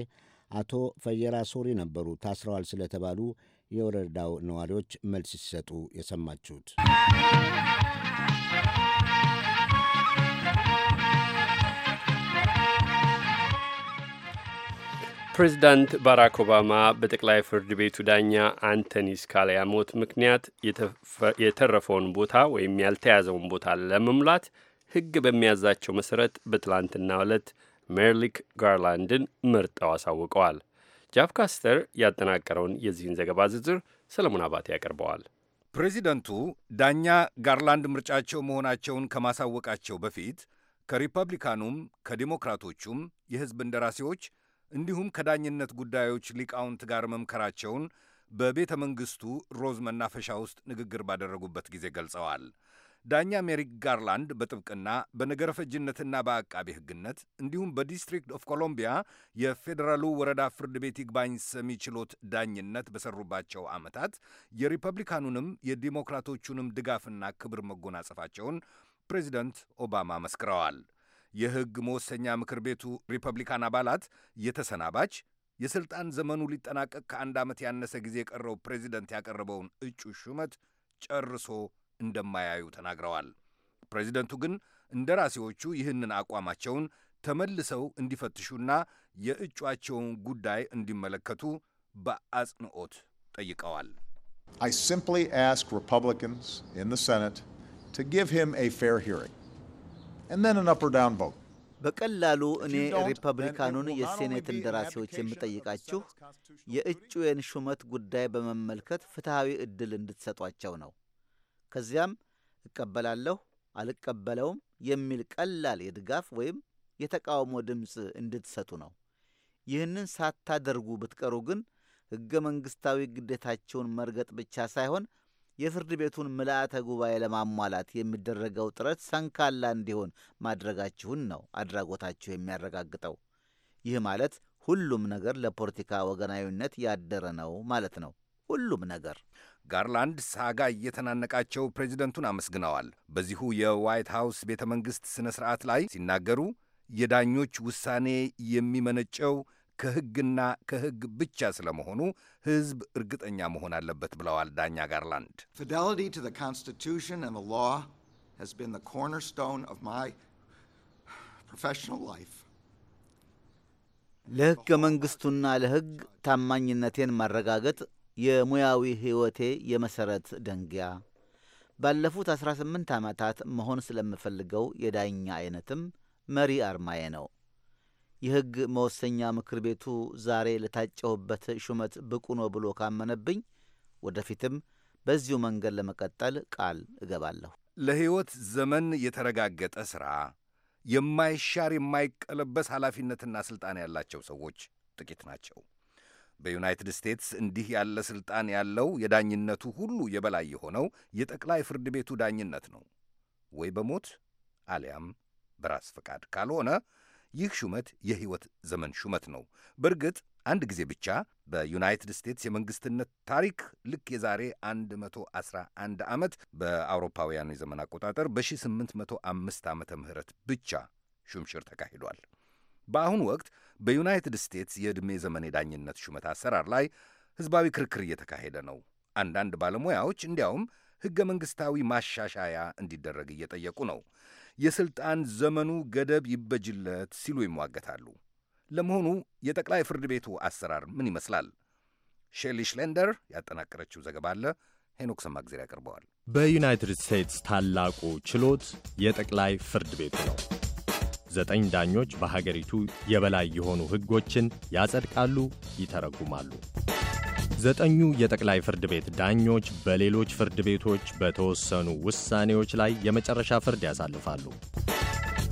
አቶ ፈየራ ሶሪ ነበሩ ታስረዋል ስለተባሉ የወረዳው ነዋሪዎች መልስ ሲሰጡ የሰማችሁት። ፕሬዚዳንት ባራክ ኦባማ በጠቅላይ ፍርድ ቤቱ ዳኛ አንቶኒ ስካሊያ ሞት ምክንያት የተረፈውን ቦታ ወይም ያልተያዘውን ቦታ ለመሙላት ሕግ በሚያዛቸው መሠረት በትላንትና ዕለት ሜርሊክ ጋርላንድን መርጠው አሳውቀዋል። ጃፍ ካስተር ያጠናቀረውን የዚህን ዘገባ ዝርዝር ሰለሞን አባቴ ያቀርበዋል። ፕሬዚደንቱ ዳኛ ጋርላንድ ምርጫቸው መሆናቸውን ከማሳወቃቸው በፊት ከሪፐብሊካኑም ከዲሞክራቶቹም የሕዝብ እንደራሴዎች እንዲሁም ከዳኝነት ጉዳዮች ሊቃውንት ጋር መምከራቸውን በቤተ መንግሥቱ ሮዝ መናፈሻ ውስጥ ንግግር ባደረጉበት ጊዜ ገልጸዋል። ዳኛ ሜሪክ ጋርላንድ በጥብቅና በነገረ ፈጅነትና በአቃቤ ሕግነት እንዲሁም በዲስትሪክት ኦፍ ኮሎምቢያ የፌዴራሉ ወረዳ ፍርድ ቤት ይግባኝ ሰሚ ችሎት ዳኝነት በሰሩባቸው ዓመታት የሪፐብሊካኑንም የዲሞክራቶቹንም ድጋፍና ክብር መጎናጸፋቸውን ፕሬዚደንት ኦባማ መስክረዋል። የሕግ መወሰኛ ምክር ቤቱ ሪፐብሊካን አባላት የተሰናባች የሥልጣን ዘመኑ ሊጠናቀቅ ከአንድ ዓመት ያነሰ ጊዜ የቀረው ፕሬዚደንት ያቀረበውን እጩ ሹመት ጨርሶ እንደማያዩ ተናግረዋል። ፕሬዚደንቱ ግን እንደራሴዎቹ ይህንን አቋማቸውን ተመልሰው እንዲፈትሹና የእጩአቸውን ጉዳይ እንዲመለከቱ በአጽንኦት ጠይቀዋል። I simply ask Republicans in the Senate to give him a fair hearing. በቀላሉ እኔ ሪፐብሊካኑን የሴኔት እንደራሴዎች የምጠይቃችሁ የእጩዬን ሹመት ጉዳይ በመመልከት ፍትሐዊ ዕድል እንድትሰጧቸው ነው። ከዚያም እቀበላለሁ፣ አልቀበለውም የሚል ቀላል የድጋፍ ወይም የተቃውሞ ድምፅ እንድትሰጡ ነው። ይህንን ሳታደርጉ ብትቀሩ ግን ሕገ መንግሥታዊ ግዴታቸውን መርገጥ ብቻ ሳይሆን የፍርድ ቤቱን ምልአተ ጉባኤ ለማሟላት የሚደረገው ጥረት ሰንካላ እንዲሆን ማድረጋችሁን ነው አድራጎታችሁ የሚያረጋግጠው። ይህ ማለት ሁሉም ነገር ለፖለቲካ ወገናዊነት ያደረ ነው ማለት ነው። ሁሉም ነገር ጋርላንድ ሳጋ እየተናነቃቸው ፕሬዚደንቱን አመስግነዋል። በዚሁ የዋይት ሃውስ ቤተ መንግሥት ሥነ ሥርዓት ላይ ሲናገሩ የዳኞች ውሳኔ የሚመነጨው ከሕግና ከሕግ ብቻ ስለመሆኑ ሕዝብ እርግጠኛ መሆን አለበት ብለዋል ዳኛ ጋርላንድ። ለሕገ መንግሥቱና ለሕግ ታማኝነቴን ማረጋገጥ የሙያዊ ሕይወቴ የመሠረት ደንጊያ ባለፉት 18 ዓመታት መሆን ስለምፈልገው የዳኛ አይነትም መሪ አርማዬ ነው። የሕግ መወሰኛ ምክር ቤቱ ዛሬ ለታጨሁበት ሹመት ብቁ ነው ብሎ ካመነብኝ ወደፊትም በዚሁ መንገድ ለመቀጠል ቃል እገባለሁ። ለሕይወት ዘመን የተረጋገጠ ሥራ፣ የማይሻር የማይቀለበስ ኃላፊነትና ሥልጣን ያላቸው ሰዎች ጥቂት ናቸው። በዩናይትድ ስቴትስ እንዲህ ያለ ሥልጣን ያለው የዳኝነቱ ሁሉ የበላይ የሆነው የጠቅላይ ፍርድ ቤቱ ዳኝነት ነው። ወይ በሞት አሊያም በራስ ፈቃድ ካልሆነ ይህ ሹመት የሕይወት ዘመን ሹመት ነው። በእርግጥ አንድ ጊዜ ብቻ በዩናይትድ ስቴትስ የመንግስትነት ታሪክ ልክ የዛሬ 111 ዓመት በአውሮፓውያኑ የዘመን አቆጣጠር በ1805 ዓመተ ምህረት ብቻ ሹምሽር ተካሂዷል። በአሁኑ ወቅት በዩናይትድ ስቴትስ የዕድሜ ዘመን የዳኝነት ሹመት አሰራር ላይ ህዝባዊ ክርክር እየተካሄደ ነው። አንዳንድ ባለሙያዎች እንዲያውም ሕገ መንግሥታዊ ማሻሻያ እንዲደረግ እየጠየቁ ነው። የሥልጣን ዘመኑ ገደብ ይበጅለት ሲሉ ይሟገታሉ። ለመሆኑ የጠቅላይ ፍርድ ቤቱ አሰራር ምን ይመስላል? ሼሊ ሽሌንደር ያጠናቀረችው ዘገባ አለ። ሄኖክ ሰማግዜር ያቀርበዋል። በዩናይትድ ስቴትስ ታላቁ ችሎት የጠቅላይ ፍርድ ቤቱ ነው። ዘጠኝ ዳኞች በሀገሪቱ የበላይ የሆኑ ሕጎችን ያጸድቃሉ፣ ይተረጉማሉ። ዘጠኙ የጠቅላይ ፍርድ ቤት ዳኞች በሌሎች ፍርድ ቤቶች በተወሰኑ ውሳኔዎች ላይ የመጨረሻ ፍርድ ያሳልፋሉ።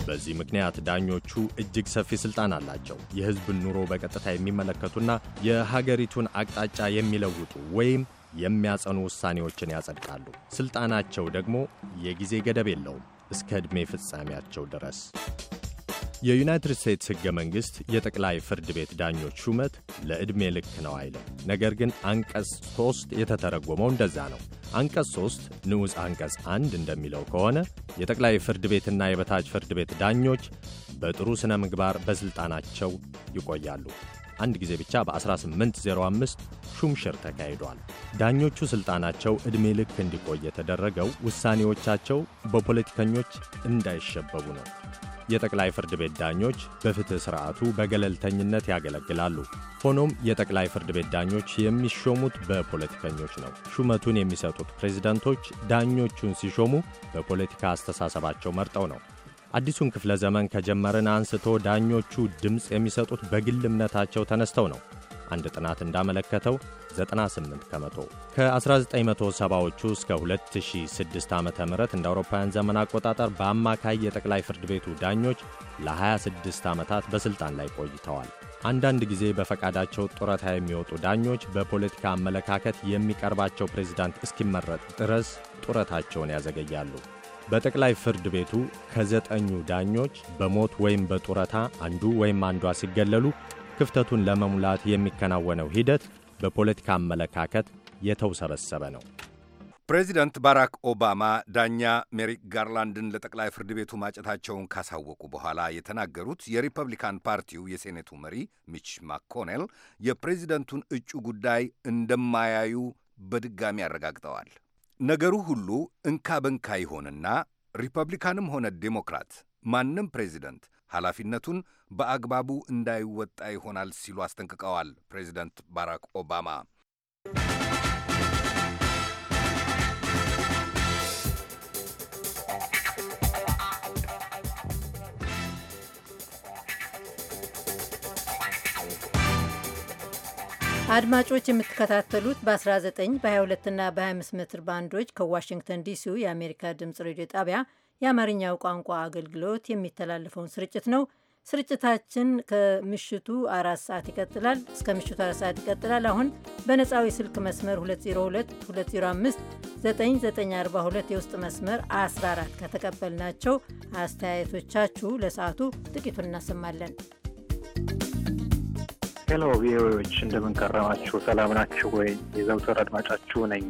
በዚህ ምክንያት ዳኞቹ እጅግ ሰፊ ስልጣን አላቸው። የሕዝብን ኑሮ በቀጥታ የሚመለከቱና የሀገሪቱን አቅጣጫ የሚለውጡ ወይም የሚያጸኑ ውሳኔዎችን ያጸድቃሉ። ስልጣናቸው ደግሞ የጊዜ ገደብ የለውም፣ እስከ ዕድሜ ፍጻሜያቸው ድረስ። የዩናይትድ ስቴትስ ሕገ መንግሥት የጠቅላይ ፍርድ ቤት ዳኞች ሹመት ለዕድሜ ልክ ነው አይልም። ነገር ግን አንቀጽ 3 የተተረጎመው እንደዛ ነው። አንቀጽ 3 ንዑስ አንቀጽ አንድ እንደሚለው ከሆነ የጠቅላይ ፍርድ ቤትና የበታች ፍርድ ቤት ዳኞች በጥሩ ሥነ ምግባር በሥልጣናቸው ይቆያሉ። አንድ ጊዜ ብቻ በ1805 ሹምሽር ተካሂዷል። ዳኞቹ ሥልጣናቸው ዕድሜ ልክ እንዲቆይ የተደረገው ውሳኔዎቻቸው በፖለቲከኞች እንዳይሸበቡ ነው። የጠቅላይ ፍርድ ቤት ዳኞች በፍትሕ ሥርዓቱ በገለልተኝነት ያገለግላሉ። ሆኖም የጠቅላይ ፍርድ ቤት ዳኞች የሚሾሙት በፖለቲከኞች ነው። ሹመቱን የሚሰጡት ፕሬዝደንቶች ዳኞቹን ሲሾሙ በፖለቲካ አስተሳሰባቸው መርጠው ነው። አዲሱን ክፍለ ዘመን ከጀመርን አንስቶ ዳኞቹ ድምፅ የሚሰጡት በግል እምነታቸው ተነስተው ነው። አንድ ጥናት እንዳመለከተው 98 ከመቶ ከ1970ዎቹ እስከ 2006 ዓ ም እንደ አውሮፓውያን ዘመን አቆጣጠር በአማካይ የጠቅላይ ፍርድ ቤቱ ዳኞች ለ26 ዓመታት በሥልጣን ላይ ቆይተዋል። አንዳንድ ጊዜ በፈቃዳቸው ጡረታ የሚወጡ ዳኞች በፖለቲካ አመለካከት የሚቀርባቸው ፕሬዝዳንት እስኪመረጥ ድረስ ጡረታቸውን ያዘገያሉ። በጠቅላይ ፍርድ ቤቱ ከዘጠኙ ዳኞች በሞት ወይም በጡረታ አንዱ ወይም አንዷ ሲገለሉ ክፍተቱን ለመሙላት የሚከናወነው ሂደት በፖለቲካ አመለካከት የተውሰበሰበ ነው። ፕሬዚደንት ባራክ ኦባማ ዳኛ ሜሪክ ጋርላንድን ለጠቅላይ ፍርድ ቤቱ ማጨታቸውን ካሳወቁ በኋላ የተናገሩት የሪፐብሊካን ፓርቲው የሴኔቱ መሪ ሚች ማኮኔል የፕሬዚደንቱን እጩ ጉዳይ እንደማያዩ በድጋሚ አረጋግጠዋል። ነገሩ ሁሉ እንካ በንካ ይሆንና ሪፐብሊካንም ሆነ ዴሞክራት ማንም ፕሬዚደንት ኃላፊነቱን በአግባቡ እንዳይወጣ ይሆናል ሲሉ አስጠንቅቀዋል ፕሬዚደንት ባራክ ኦባማ። አድማጮች የምትከታተሉት በ19 በ22ና በ25 ሜትር ባንዶች ከዋሽንግተን ዲሲው የአሜሪካ ድምፅ ሬዲዮ ጣቢያ የአማርኛው ቋንቋ አገልግሎት የሚተላለፈውን ስርጭት ነው። ስርጭታችን ከምሽቱ አራት ሰዓት ይቀጥላል እስከ ምሽቱ አራት ሰዓት ይቀጥላል። አሁን በነፃዊ ስልክ መስመር 2022059942 የውስጥ መስመር 14 ከተቀበልናቸው አስተያየቶቻችሁ ለሰዓቱ ጥቂቱን እናሰማለን። ሄሎ ቪኦኤዎች እንደምንቀረማችሁ፣ ሰላም ናችሁ ወይ? የዘውትር አድማጫችሁ ነኝ።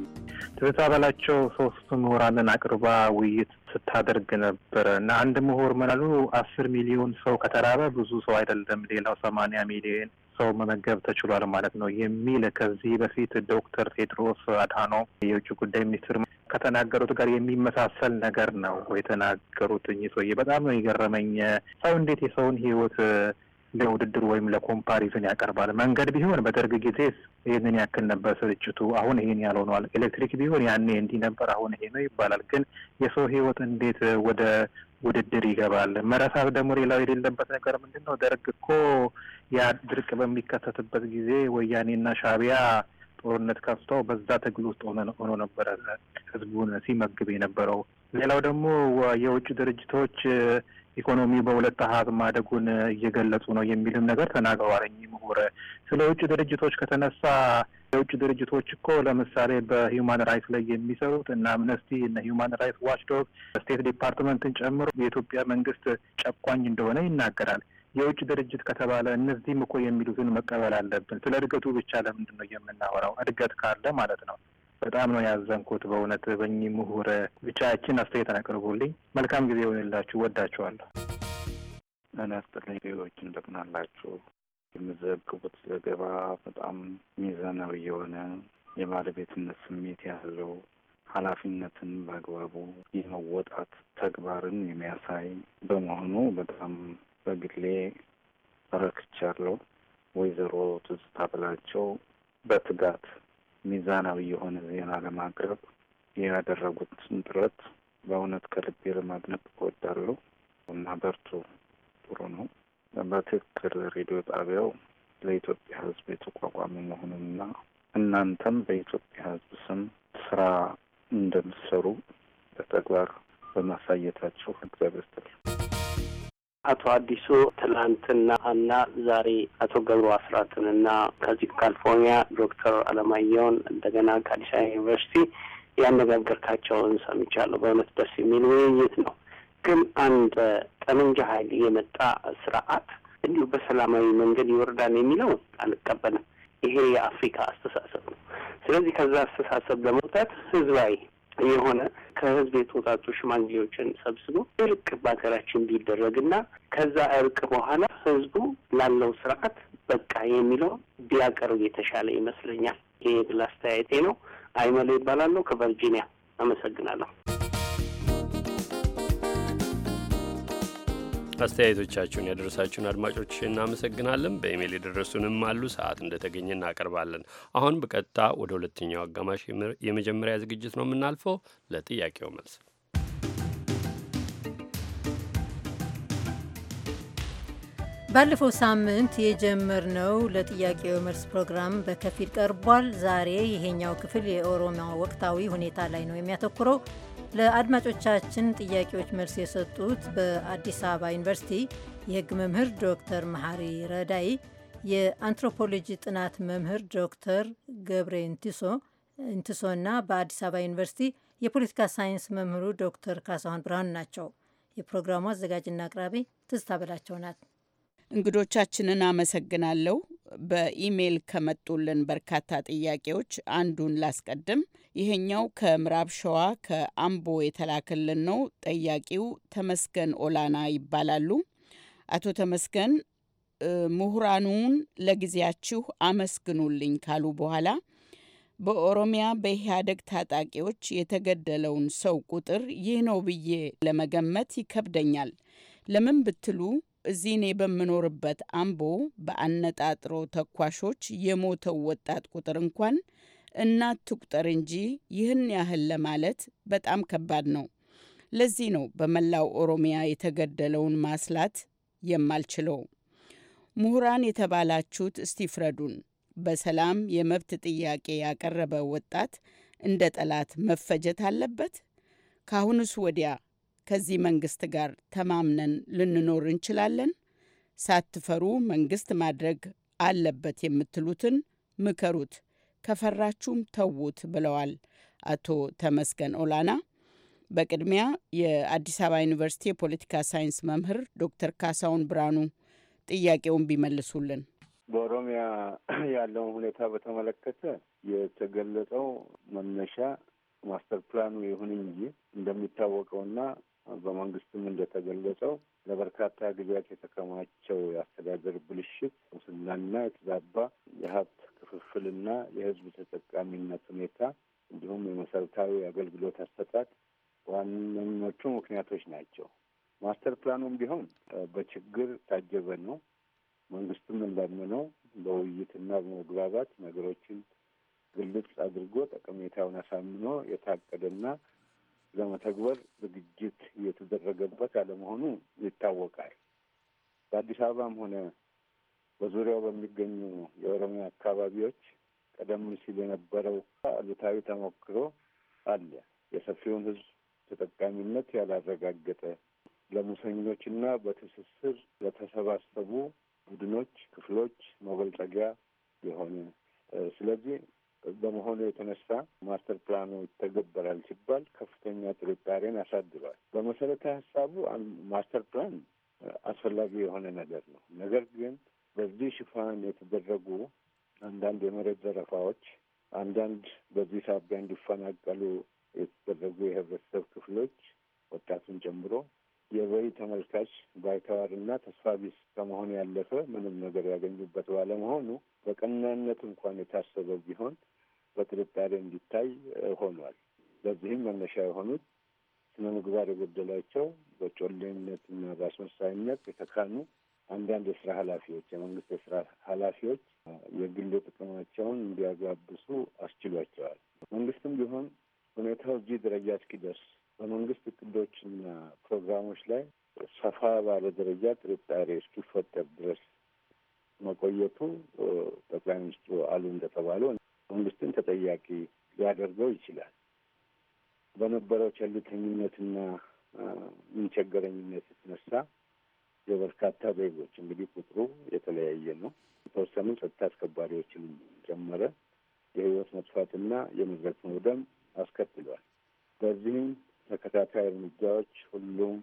ትዝታ በላቸው ሶስቱ ምሁራንን አቅርባ ውይይት ስታደርግ ነበረ እና አንድ ምሁር ምናሉ አስር ሚሊዮን ሰው ከተራበ ብዙ ሰው አይደለም፣ ሌላው ሰማንያ ሚሊዮን ሰው መመገብ ተችሏል ማለት ነው የሚል ከዚህ በፊት ዶክተር ቴድሮስ አድሃኖ የውጭ ጉዳይ ሚኒስትር ከተናገሩት ጋር የሚመሳሰል ነገር ነው የተናገሩት። እኚህ ሰውዬ በጣም ነው የገረመኝ። ሰው እንዴት የሰውን ህይወት ለውድድር ወይም ለኮምፓሪዝን ያቀርባል። መንገድ ቢሆን በደርግ ጊዜ ይህንን ያክል ነበር ስርጭቱ፣ አሁን ይህን ያህል ኤሌክትሪክ ቢሆን ያኔ እንዲህ ነበር፣ አሁን ይሄ ነው ይባላል። ግን የሰው ህይወት እንዴት ወደ ውድድር ይገባል? መረሳት ደግሞ ሌላው የሌለበት ነገር ምንድን ነው? ደርግ እኮ ያ ድርቅ በሚከሰትበት ጊዜ ወያኔና ሻቢያ ጦርነት ከፍተው በዛ ትግል ውስጥ ሆኖ ነበረ ህዝቡን ሲመግብ የነበረው። ሌላው ደግሞ የውጭ ድርጅቶች ኢኮኖሚ በሁለት አሀዝ ማደጉን እየገለጹ ነው የሚልም ነገር ተናግረዋል እኚህ ምሁር። ስለ ውጭ ድርጅቶች ከተነሳ የውጭ ድርጅቶች እኮ ለምሳሌ በሂውማን ራይትስ ላይ የሚሰሩት እነ አምነስቲ እነ ሂውማን ራይትስ ዋችዶግ ስቴት ዲፓርትመንትን ጨምሮ የኢትዮጵያ መንግስት ጨቋኝ እንደሆነ ይናገራል። የውጭ ድርጅት ከተባለ እነዚህም እኮ የሚሉትን መቀበል አለብን። ስለ እድገቱ ብቻ ለምንድን ነው የምናወራው? እድገት ካለ ማለት ነው። በጣም ነው ያዘንኩት። በእውነት በእኚህ ምሁር ብቻችን አስተያየት አቅርቡልኝ። መልካም ጊዜ ይሆንላችሁ። ወዳችኋለሁ። እኔ አስጠላዎች እንደምናላችሁ የምዘግቡት ዘገባ በጣም ሚዛናዊ የሆነ የባለቤትነት ስሜት ያለው ኃላፊነትን በአግባቡ የመወጣት ተግባርን የሚያሳይ በመሆኑ በጣም በግሌ ረክቻለሁ። ወይዘሮ ትዝታ ብላቸው በትጋት ሚዛናዊ የሆነ ዜና ለማቅረብ ያደረጉትን ጥረት በእውነት ከልቤ ለማድነቅ እወዳለሁ እና በርቱ። ጥሩ ነው። በትክክል ሬዲዮ ጣቢያው ለኢትዮጵያ ሕዝብ የተቋቋመ መሆኑንና እናንተም በኢትዮጵያ ሕዝብ ስም ስራ እንደምትሰሩ በተግባር በማሳየታቸው እግዚአብሔር ይስጥልኝ። አቶ አዲሱ ትላንትና እና ዛሬ አቶ ገብሩ አስራትን እና ከዚህ ካሊፎርኒያ ዶክተር አለማየሁን እንደገና ከአዲስ አበባ ዩኒቨርሲቲ ያነጋገርካቸውን ሰምቻለሁ። በእውነት ደስ የሚል ውይይት ነው። ግን አንድ ጠመንጃ ኃይል የመጣ ስርዓት እንዲሁ በሰላማዊ መንገድ ይወርዳል የሚለው አልቀበልም። ይሄ የአፍሪካ አስተሳሰብ ነው። ስለዚህ ከዛ አስተሳሰብ ለመውጣት ህዝባዊ የሆነ ከህዝብ የተውጣጡ ሽማግሌዎችን ሰብስቦ እርቅ በሀገራችን ቢደረግና ከዛ እርቅ በኋላ ህዝቡ ላለው ስርዓት በቃ የሚለው ቢያቀርብ የተሻለ ይመስለኛል። ይህ ግል አስተያየቴ ነው። አይመለ ይባላለሁ ከቨርጂኒያ አመሰግናለሁ። አስተያየቶቻችሁን ያደረሳችሁን አድማጮች እናመሰግናለን። በኢሜይል የደረሱንም አሉ። ሰዓት እንደተገኘ እናቀርባለን። አሁን በቀጥታ ወደ ሁለተኛው አጋማሽ የመጀመሪያ ዝግጅት ነው የምናልፈው። ለጥያቄው መልስ ባለፈው ሳምንት የጀመርነው ለጥያቄው መልስ ፕሮግራም በከፊል ቀርቧል። ዛሬ ይሄኛው ክፍል የኦሮሚያ ወቅታዊ ሁኔታ ላይ ነው የሚያተኩረው። ለአድማጮቻችን ጥያቄዎች መልስ የሰጡት በአዲስ አበባ ዩኒቨርሲቲ የሕግ መምህር ዶክተር መሐሪ ረዳይ፣ የአንትሮፖሎጂ ጥናት መምህር ዶክተር ገብሬ እንትሶ እንቲሶና በአዲስ አበባ ዩኒቨርሲቲ የፖለቲካ ሳይንስ መምህሩ ዶክተር ካሳሁን ብርሃን ናቸው። የፕሮግራሙ አዘጋጅና አቅራቢ ትዝታ በላቸው ናት። እንግዶቻችንን አመሰግናለሁ። በኢሜይል ከመጡልን በርካታ ጥያቄዎች አንዱን ላስቀድም። ይሄኛው ከምዕራብ ሸዋ ከአምቦ የተላከልን ነው። ጠያቂው ተመስገን ኦላና ይባላሉ። አቶ ተመስገን ምሁራኑን ለጊዜያችሁ አመስግኑልኝ ካሉ በኋላ በኦሮሚያ በኢህአደግ ታጣቂዎች የተገደለውን ሰው ቁጥር ይህ ነው ብዬ ለመገመት ይከብደኛል። ለምን ብትሉ እዚህ እኔ በምኖርበት አምቦ በአነጣጥሮ ተኳሾች የሞተው ወጣት ቁጥር እንኳን እናት ትቁጠር እንጂ ይህን ያህል ለማለት በጣም ከባድ ነው። ለዚህ ነው በመላው ኦሮሚያ የተገደለውን ማስላት የማልችለው። ምሁራን የተባላችሁት እስቲ ፍረዱን። በሰላም የመብት ጥያቄ ያቀረበ ወጣት እንደ ጠላት መፈጀት አለበት? ካሁንስ ወዲያ ከዚህ መንግስት ጋር ተማምነን ልንኖር እንችላለን? ሳትፈሩ መንግስት ማድረግ አለበት የምትሉትን ምከሩት፣ ከፈራችሁም ተዉት ብለዋል አቶ ተመስገን ኦላና። በቅድሚያ የአዲስ አበባ ዩኒቨርሲቲ የፖለቲካ ሳይንስ መምህር ዶክተር ካሳሁን ብርሃኑ ጥያቄውን ቢመልሱልን። በኦሮሚያ ያለውን ሁኔታ በተመለከተ የተገለጸው መነሻ ማስተር ፕላኑ ይሁን እንጂ እንደሚታወቀውና በመንግስትም እንደተገለጸው ለበርካታ ጊዜያት የተከማቸው የአስተዳደር ብልሽት፣ ሙስናና የተዛባ የሀብት ክፍፍልና የህዝብ ተጠቃሚነት ሁኔታ እንዲሁም የመሰረታዊ አገልግሎት አሰጣጥ ዋነኞቹ ምክንያቶች ናቸው። ማስተር ፕላኑም ቢሆን በችግር ታጀበ ነው። መንግስትም እንዳመነው በውይይትና በመግባባት ነገሮችን ግልጽ አድርጎ ጠቀሜታውን አሳምኖ የታቀደና ለመተግበር ዝግጅት እየተደረገበት አለመሆኑ ይታወቃል። በአዲስ አበባም ሆነ በዙሪያው በሚገኙ የኦሮሚያ አካባቢዎች ቀደም ሲል የነበረው አሉታዊ ተሞክሮ አለ። የሰፊውን ሕዝብ ተጠቃሚነት ያላረጋገጠ ለሙሰኞችና በትስስር ለተሰባሰቡ ቡድኖች፣ ክፍሎች መበልጸጊያ የሆነ ስለዚህ በመሆኑ የተነሳ ማስተር ፕላኑ ይተገበራል ሲባል ከፍተኛ ጥርጣሬን አሳድሯል። በመሰረተ ሀሳቡ ማስተር ፕላን አስፈላጊ የሆነ ነገር ነው። ነገር ግን በዚህ ሽፋን የተደረጉ አንዳንድ የመሬት ዘረፋዎች፣ አንዳንድ በዚህ ሳቢያ እንዲፈናቀሉ የተደረጉ የህብረተሰብ ክፍሎች ወጣቱን ጨምሮ የበይ ተመልካች ባይተዋርና ተስፋ ቢስ ከመሆን ያለፈ ምንም ነገር ያገኙበት ባለመሆኑ በቀናነት እንኳን የታሰበ ቢሆን በጥርጣሬ እንዲታይ ሆኗል። ለዚህም መነሻ የሆኑት ስነ ምግባር የጎደላቸው በጮሌነትና በአስመሳይነት የተካኑ አንዳንድ የስራ ኃላፊዎች የመንግስት የስራ ኃላፊዎች የግል ጥቅማቸውን እንዲያጋብሱ አስችሏቸዋል። መንግስትም ቢሆን ሁኔታው እዚህ ደረጃ እስኪደርስ በመንግስት እቅዶችና ፕሮግራሞች ላይ ሰፋ ባለ ደረጃ ጥርጣሬ እስኪፈጠር ድረስ መቆየቱ ጠቅላይ ሚኒስትሩ አሉ እንደተባለው መንግስትን ተጠያቂ ሊያደርገው ይችላል። በነበረው ቸልተኝነትና ምንቸገረኝነት የተነሳ የበርካታ ዜጎች እንግዲህ ቁጥሩ የተለያየ ነው። የተወሰኑ ጸጥታ አስከባሪዎችንም ጨመረ የህይወት መጥፋትና የንብረት መውደም አስከትሏል። በዚህም ተከታታይ እርምጃዎች ሁሉም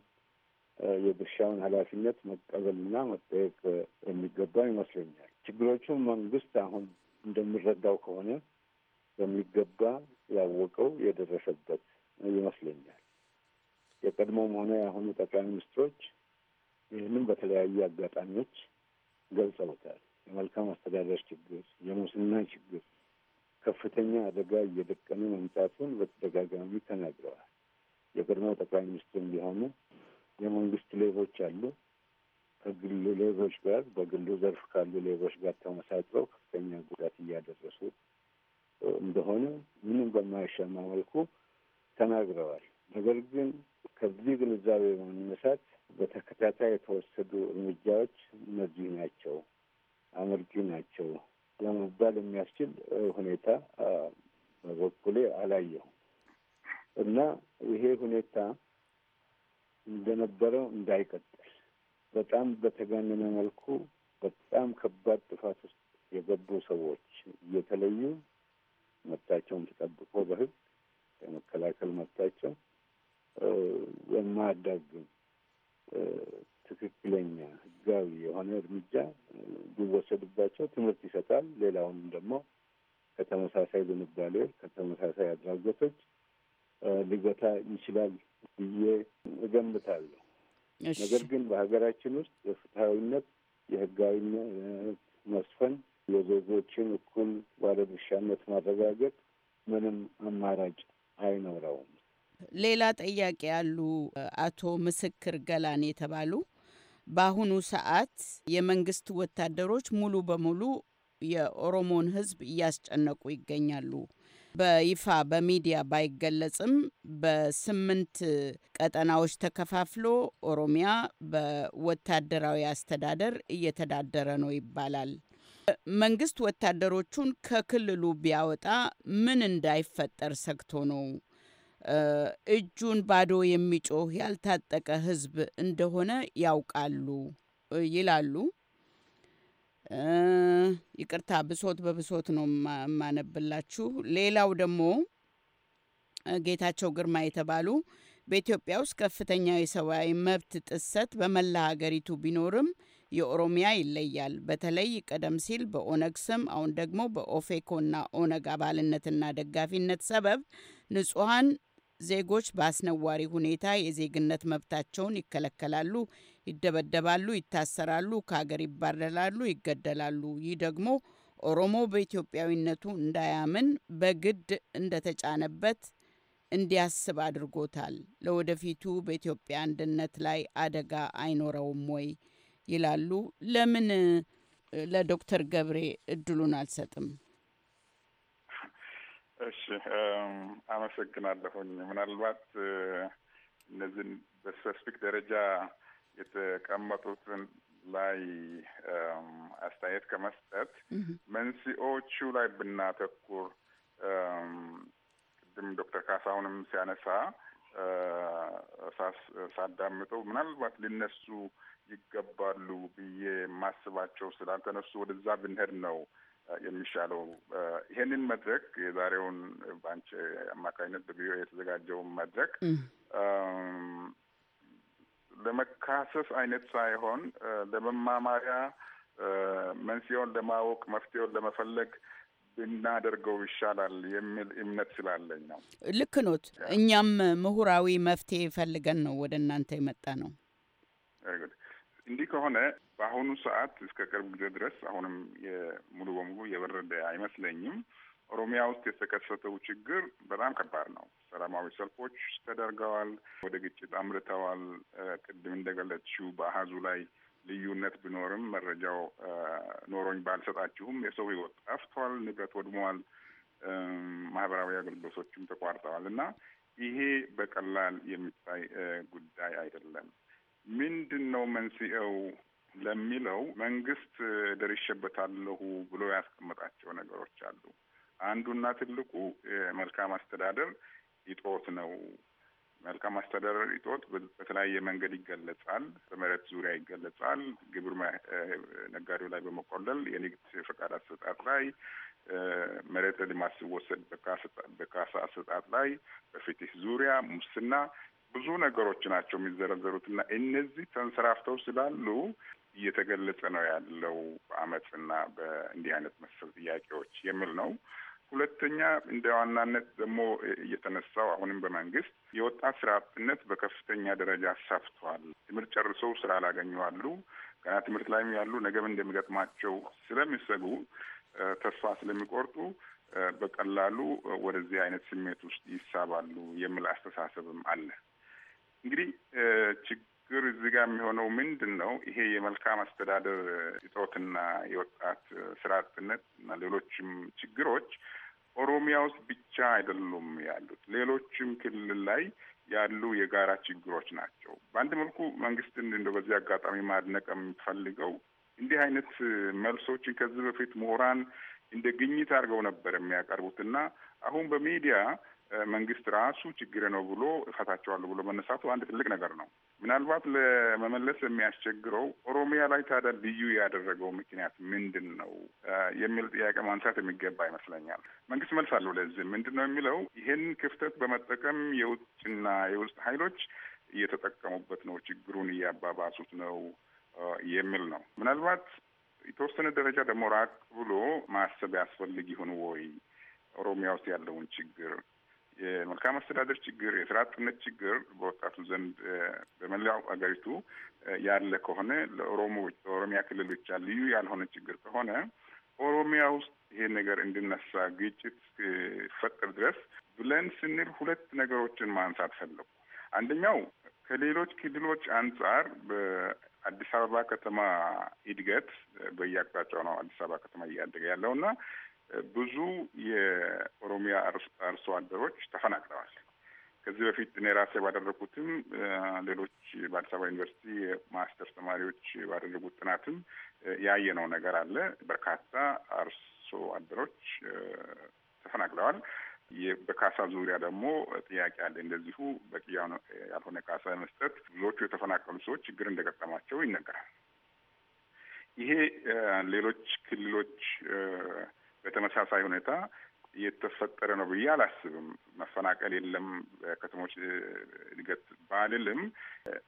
የድርሻውን ኃላፊነት መቀበልና መጠየቅ የሚገባ ይመስለኛል። ችግሮቹ መንግስት አሁን እንደሚረዳው ከሆነ በሚገባ ያወቀው የደረሰበት ይመስለኛል። የቀድሞም ሆነ የአሁኑ ጠቅላይ ሚኒስትሮች ይህንም በተለያዩ አጋጣሚዎች ገልጸውታል። የመልካም አስተዳደር ችግር፣ የሙስና ችግር ከፍተኛ አደጋ እየደቀነ መምጣቱን በተደጋጋሚ ተናግረዋል። የቀድሞ ጠቅላይ ሚኒስትር ቢሆኑ የመንግስት ሌቦች አሉ፣ ከግሉ ሌቦች ጋር በግሉ ዘርፍ ካሉ ሌቦች ጋር ተመሳጥረው ከፍተኛ ጉዳት እያደረሱ እንደሆነ ምንም በማያሻማ መልኩ ተናግረዋል። ነገር ግን ከዚህ ግንዛቤ በመነሳት በተከታታይ የተወሰዱ እርምጃዎች እነዚህ ናቸው፣ አመርቂ ናቸው ለመባል የሚያስችል ሁኔታ በበኩሌ አላየሁም እና ይሄ ሁኔታ እንደነበረው እንዳይቀጥል በጣም በተጋነነ መልኩ በጣም ከባድ ጥፋት ውስጥ የገቡ ሰዎች እየተለዩ መብታቸውን ተጠብቆ በህግ የመከላከል መብታቸው የማያዳግም ትክክለኛ ህጋዊ የሆነ እርምጃ ሊወሰድባቸው ትምህርት ይሰጣል። ሌላውንም ደግሞ ከተመሳሳይ ዝንባሌዎች፣ ከተመሳሳይ አድራጎቶች ሊገታ ይችላል ብዬ እገምታለሁ። ነገር ግን በሀገራችን ውስጥ የፍትሐዊነት የህጋዊነት መስፈን የዜጎችን እኩል ባለድርሻነት ማረጋገጥ ምንም አማራጭ አይኖረውም። ሌላ ጥያቄ ያሉ አቶ ምስክር ገላን የተባሉ በአሁኑ ሰዓት የመንግስት ወታደሮች ሙሉ በሙሉ የኦሮሞን ህዝብ እያስጨነቁ ይገኛሉ። በይፋ በሚዲያ ባይገለጽም በስምንት ቀጠናዎች ተከፋፍሎ ኦሮሚያ በወታደራዊ አስተዳደር እየተዳደረ ነው ይባላል። መንግስት ወታደሮቹን ከክልሉ ቢያወጣ ምን እንዳይፈጠር ሰግቶ ነው። እጁን ባዶ የሚጮህ ያልታጠቀ ህዝብ እንደሆነ ያውቃሉ ይላሉ። ይቅርታ፣ ብሶት በብሶት ነው የማነብላችሁ። ሌላው ደግሞ ጌታቸው ግርማ የተባሉ በኢትዮጵያ ውስጥ ከፍተኛ የሰብአዊ መብት ጥሰት በመላ ሀገሪቱ ቢኖርም የኦሮሚያ ይለያል። በተለይ ቀደም ሲል በኦነግ ስም አሁን ደግሞ በኦፌኮና ኦነግ አባልነትና ደጋፊነት ሰበብ ንጹሐን ዜጎች በአስነዋሪ ሁኔታ የዜግነት መብታቸውን ይከለከላሉ፣ ይደበደባሉ፣ ይታሰራሉ፣ ከሀገር ይባረላሉ፣ ይገደላሉ። ይህ ደግሞ ኦሮሞ በኢትዮጵያዊነቱ እንዳያምን በግድ እንደተጫነበት እንዲያስብ አድርጎታል። ለወደፊቱ በኢትዮጵያ አንድነት ላይ አደጋ አይኖረውም ወይ ይላሉ። ለምን ለዶክተር ገብሬ እድሉን አልሰጥም? እሺ አመሰግናለሁኝ። ምናልባት እነዚህን በስፐሲፊክ ደረጃ የተቀመጡትን ላይ አስተያየት ከመስጠት መንስኤዎቹ ላይ ብናተኩር ቅድም ዶክተር ካሳሁንም ሲያነሳ ሳዳምጠው ምናልባት ሊነሱ ይገባሉ ብዬ ማስባቸው ስላልተነሱ ወደዛ ብንሄድ ነው የሚሻለው። ይሄንን መድረክ የዛሬውን በአንቺ አማካኝነት በቪኦኤ የተዘጋጀውን መድረክ ለመካሰስ አይነት ሳይሆን ለመማማሪያ መንስኤውን ለማወቅ መፍትሄውን ለመፈለግ ብናደርገው ይሻላል የሚል እምነት ስላለኝ ነው። ልክ ኖት። እኛም ምሁራዊ መፍትሄ ፈልገን ነው ወደ እናንተ የመጣ ነው። እንዲህ ከሆነ በአሁኑ ሰዓት እስከ ቅርብ ጊዜ ድረስ አሁንም ሙሉ በሙሉ የበረደ አይመስለኝም። ኦሮሚያ ውስጥ የተከሰተው ችግር በጣም ከባድ ነው። ሰላማዊ ሰልፎች ተደርገዋል፣ ወደ ግጭት አምርተዋል። ቅድም እንደገለጽሽው በአሀዙ ላይ ልዩነት ቢኖርም መረጃው ኖሮኝ ባልሰጣችሁም የሰው ሕይወት ጠፍቷል፣ ንብረት ወድመዋል፣ ማህበራዊ አገልግሎቶችም ተቋርጠዋል እና ይሄ በቀላል የሚታይ ጉዳይ አይደለም። ምንድን ነው መንስኤው ለሚለው መንግስት ደርሼበታለሁ ብሎ ያስቀመጣቸው ነገሮች አሉ። አንዱና ትልቁ የመልካም አስተዳደር ይጦት ነው። መልካም አስተዳደር ይጦት በተለያየ መንገድ ይገለጻል። በመሬት ዙሪያ ይገለጻል። ግብር ነጋዴው ላይ በመቆለል የንግድ ፈቃድ አሰጣጥ ላይ፣ መሬት ለልማት ሲወሰድ በካሳ አሰጣጥ ላይ፣ በፍትህ ዙሪያ ሙስና፣ ብዙ ነገሮች ናቸው የሚዘረዘሩት እና እነዚህ ተንሰራፍተው ስላሉ እየተገለጸ ነው ያለው በአመፅና በእንዲህ አይነት መሰል ጥያቄዎች የሚል ነው። ሁለተኛ እንደ ዋናነት ደግሞ እየተነሳው አሁንም በመንግስት የወጣት ስራ አጥነት በከፍተኛ ደረጃ ሰፍቷል። ትምህርት ጨርሰው ስራ አላገኘዋሉ። ገና ትምህርት ላይም ያሉ ነገም እንደሚገጥማቸው ስለሚሰጉ፣ ተስፋ ስለሚቆርጡ በቀላሉ ወደዚህ አይነት ስሜት ውስጥ ይሳባሉ የሚል አስተሳሰብም አለ። እንግዲህ ችግር እዚህ ጋር የሚሆነው ምንድን ነው? ይሄ የመልካም አስተዳደር እጦትና የወጣት ስራ አጥነት እና ሌሎችም ችግሮች ኦሮሚያ ውስጥ ብቻ አይደሉም ያሉት፣ ሌሎችም ክልል ላይ ያሉ የጋራ ችግሮች ናቸው። በአንድ መልኩ መንግስትን እንደ በዚህ አጋጣሚ ማድነቅ የሚፈልገው እንዲህ አይነት መልሶችን ከዚህ በፊት ምሁራን እንደ ግኝት አድርገው ነበር የሚያቀርቡት እና አሁን በሚዲያ መንግስት ራሱ ችግር ነው ብሎ እፈታቸዋለሁ ብሎ መነሳቱ አንድ ትልቅ ነገር ነው። ምናልባት ለመመለስ የሚያስቸግረው ኦሮሚያ ላይ ታዲያ ልዩ ያደረገው ምክንያት ምንድን ነው የሚል ጥያቄ ማንሳት የሚገባ ይመስለኛል። መንግስት መልስ አለው ለዚህ ምንድን ነው የሚለው ይህን ክፍተት በመጠቀም የውጭና የውስጥ ኃይሎች እየተጠቀሙበት ነው፣ ችግሩን እያባባሱት ነው የሚል ነው። ምናልባት የተወሰነ ደረጃ ደግሞ ራቅ ብሎ ማሰብ ያስፈልግ ይሁን ወይ ኦሮሚያ ውስጥ ያለውን ችግር የመልካም አስተዳደር ችግር፣ የስራ አጥነት ችግር በወጣቱ ዘንድ በመላው አገሪቱ ያለ ከሆነ ለኦሮሞ ለኦሮሚያ ክልል ብቻ ልዩ ያልሆነ ችግር ከሆነ ኦሮሚያ ውስጥ ይሄ ነገር እንዲነሳ ግጭት ፈጠር ድረስ ብለን ስንል ሁለት ነገሮችን ማንሳት ፈለጉ። አንደኛው ከሌሎች ክልሎች አንጻር በአዲስ አበባ ከተማ እድገት በየአቅጣጫው ነው አዲስ አበባ ከተማ እያደገ ያለው እና ብዙ የኦሮሚያ አርሶ አደሮች ተፈናቅለዋል። ከዚህ በፊት እኔ ራሴ ባደረጉትም ሌሎች በአዲስ አበባ ዩኒቨርሲቲ የማስተር ተማሪዎች ባደረጉት ጥናትም ያየነው ነገር አለ። በርካታ አርሶ አደሮች ተፈናቅለዋል። በካሳ ዙሪያ ደግሞ ጥያቄ አለ። እንደዚሁ በቂ ያልሆነ ካሳ መስጠት ብዙዎቹ የተፈናቀሉ ሰዎች ችግር እንደገጠማቸው ይነገራል። ይሄ ሌሎች ክልሎች በተመሳሳይ ሁኔታ እየተፈጠረ ነው ብዬ አላስብም። መፈናቀል የለም ከተሞች እድገት ባልልም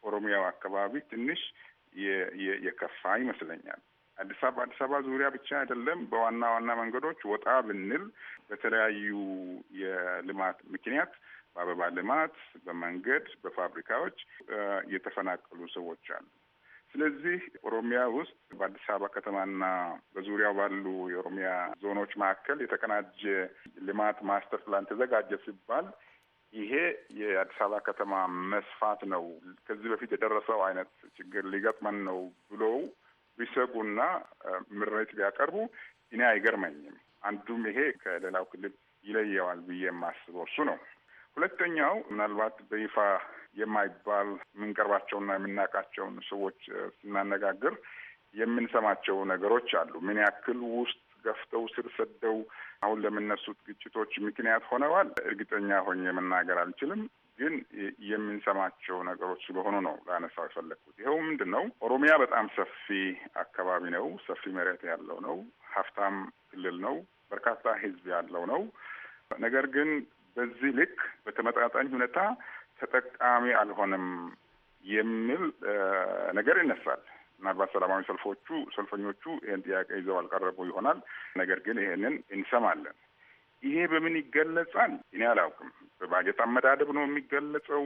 ኦሮሚያው አካባቢ ትንሽ የከፋ ይመስለኛል። አዲስ አበባ አዲስ አበባ ዙሪያ ብቻ አይደለም። በዋና ዋና መንገዶች ወጣ ብንል በተለያዩ የልማት ምክንያት በአበባ ልማት፣ በመንገድ፣ በፋብሪካዎች የተፈናቀሉ ሰዎች አሉ። ስለዚህ ኦሮሚያ ውስጥ በአዲስ አበባ ከተማና በዙሪያው ባሉ የኦሮሚያ ዞኖች መካከል የተቀናጀ ልማት ማስተር ፕላን ተዘጋጀ ሲባል ይሄ የአዲስ አበባ ከተማ መስፋት ነው፣ ከዚህ በፊት የደረሰው አይነት ችግር ሊገጥመን ነው ብለው ቢሰጉና ምሬት ቢያቀርቡ እኔ አይገርመኝም። አንዱም ይሄ ከሌላው ክልል ይለየዋል ብዬ የማስበው እሱ ነው። ሁለተኛው ምናልባት በይፋ የማይባል የምንቀርባቸውና የምናውቃቸውን ሰዎች ስናነጋግር የምንሰማቸው ነገሮች አሉ። ምን ያክል ውስጥ ገፍተው ስር ሰደው አሁን ለምነሱት ግጭቶች ምክንያት ሆነዋል እርግጠኛ ሆኜ መናገር አልችልም። ግን የምንሰማቸው ነገሮች ስለሆኑ ነው ላነሳው የፈለግኩት። ይኸው ምንድን ነው ኦሮሚያ በጣም ሰፊ አካባቢ ነው፣ ሰፊ መሬት ያለው ነው፣ ሀብታም ክልል ነው፣ በርካታ ሕዝብ ያለው ነው። ነገር ግን በዚህ ልክ በተመጣጣኝ ሁኔታ ተጠቃሚ አልሆንም የሚል ነገር ይነሳል። ምናልባት ሰላማዊ ሰልፎቹ ሰልፈኞቹ ይህን ጥያቄ ይዘው አልቀረቡ ይሆናል። ነገር ግን ይህንን እንሰማለን። ይሄ በምን ይገለጻል? እኔ አላውቅም። በባጀት አመዳደብ ነው የሚገለጸው?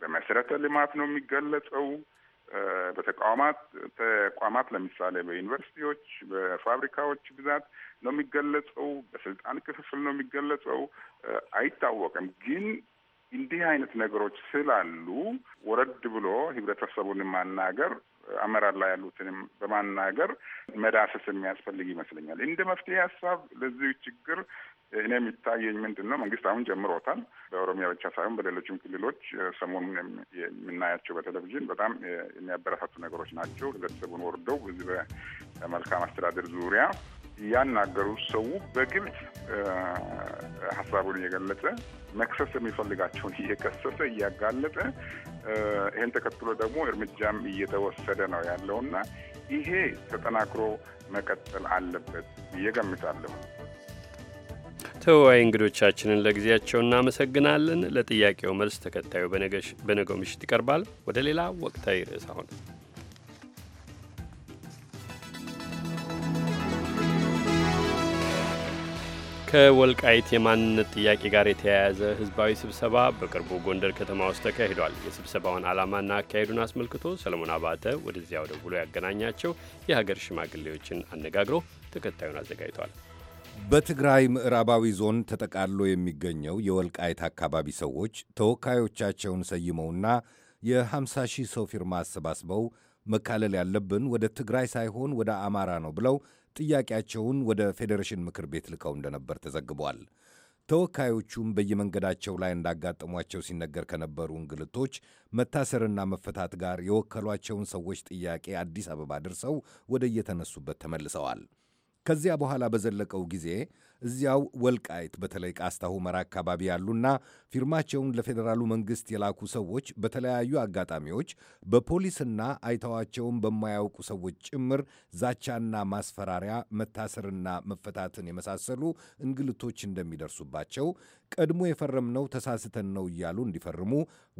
በመሰረተ ልማት ነው የሚገለጸው? በተቋማት ተቋማት ለምሳሌ በዩኒቨርሲቲዎች፣ በፋብሪካዎች ብዛት ነው የሚገለጸው? በስልጣን ክፍፍል ነው የሚገለጸው? አይታወቅም። ግን እንዲህ አይነት ነገሮች ስላሉ ወረድ ብሎ ህብረተሰቡን ማናገር አመራር ላይ ያሉትንም በማናገር መዳሰስ የሚያስፈልግ ይመስለኛል። እንደ መፍትሄ ሀሳብ ለዚህ ችግር እኔ የሚታየኝ ምንድን ነው መንግስት አሁን ጀምሮታል። በኦሮሚያ ብቻ ሳይሆን በሌሎችም ክልሎች ሰሞኑን የምናያቸው በቴሌቪዥን በጣም የሚያበረታቱ ነገሮች ናቸው። ህብረተሰቡን ወርደው በዚህ በመልካም አስተዳደር ዙሪያ ያናገሩት ሰው በግልጽ ሀሳቡን እየገለጸ መክሰስ የሚፈልጋቸውን እየከሰሰ እያጋለጠ ይህን ተከትሎ ደግሞ እርምጃም እየተወሰደ ነው ያለውና ይሄ ተጠናክሮ መቀጠል አለበት ብዬ ገምታለሁ። ተወያይ እንግዶቻችንን ለጊዜያቸው እናመሰግናለን። ለጥያቄው መልስ ተከታዩ በነገው ምሽት ይቀርባል። ወደ ሌላ ወቅታዊ ርዕስ አሁን ከወልቃይት የማንነት ጥያቄ ጋር የተያያዘ ህዝባዊ ስብሰባ በቅርቡ ጎንደር ከተማ ውስጥ ተካሂዷል። የስብሰባውን ዓላማና አካሄዱን አስመልክቶ ሰለሞን አባተ ወደዚያው ደውሎ ያገናኛቸው የሀገር ሽማግሌዎችን አነጋግሮ ተከታዩን አዘጋጅቷል። በትግራይ ምዕራባዊ ዞን ተጠቃሎ የሚገኘው የወልቃይት አካባቢ ሰዎች ተወካዮቻቸውን ሰይመውና የ50 ሺህ ሰው ፊርማ አሰባስበው መካለል ያለብን ወደ ትግራይ ሳይሆን ወደ አማራ ነው ብለው ጥያቄያቸውን ወደ ፌዴሬሽን ምክር ቤት ልከው እንደነበር ተዘግቧል። ተወካዮቹም በየመንገዳቸው ላይ እንዳጋጠሟቸው ሲነገር ከነበሩ እንግልቶች፣ መታሰርና መፈታት ጋር የወከሏቸውን ሰዎች ጥያቄ አዲስ አበባ ደርሰው ወደ የተነሱበት ተመልሰዋል። ከዚያ በኋላ በዘለቀው ጊዜ እዚያው ወልቃይት በተለይ ቃስታ ሁመራ አካባቢ ያሉና ፊርማቸውን ለፌዴራሉ መንግሥት የላኩ ሰዎች በተለያዩ አጋጣሚዎች በፖሊስና አይተዋቸውን በማያውቁ ሰዎች ጭምር ዛቻና ማስፈራሪያ፣ መታሰርና መፈታትን የመሳሰሉ እንግልቶች እንደሚደርሱባቸው ቀድሞ የፈረምነው ተሳስተን ነው እያሉ እንዲፈርሙ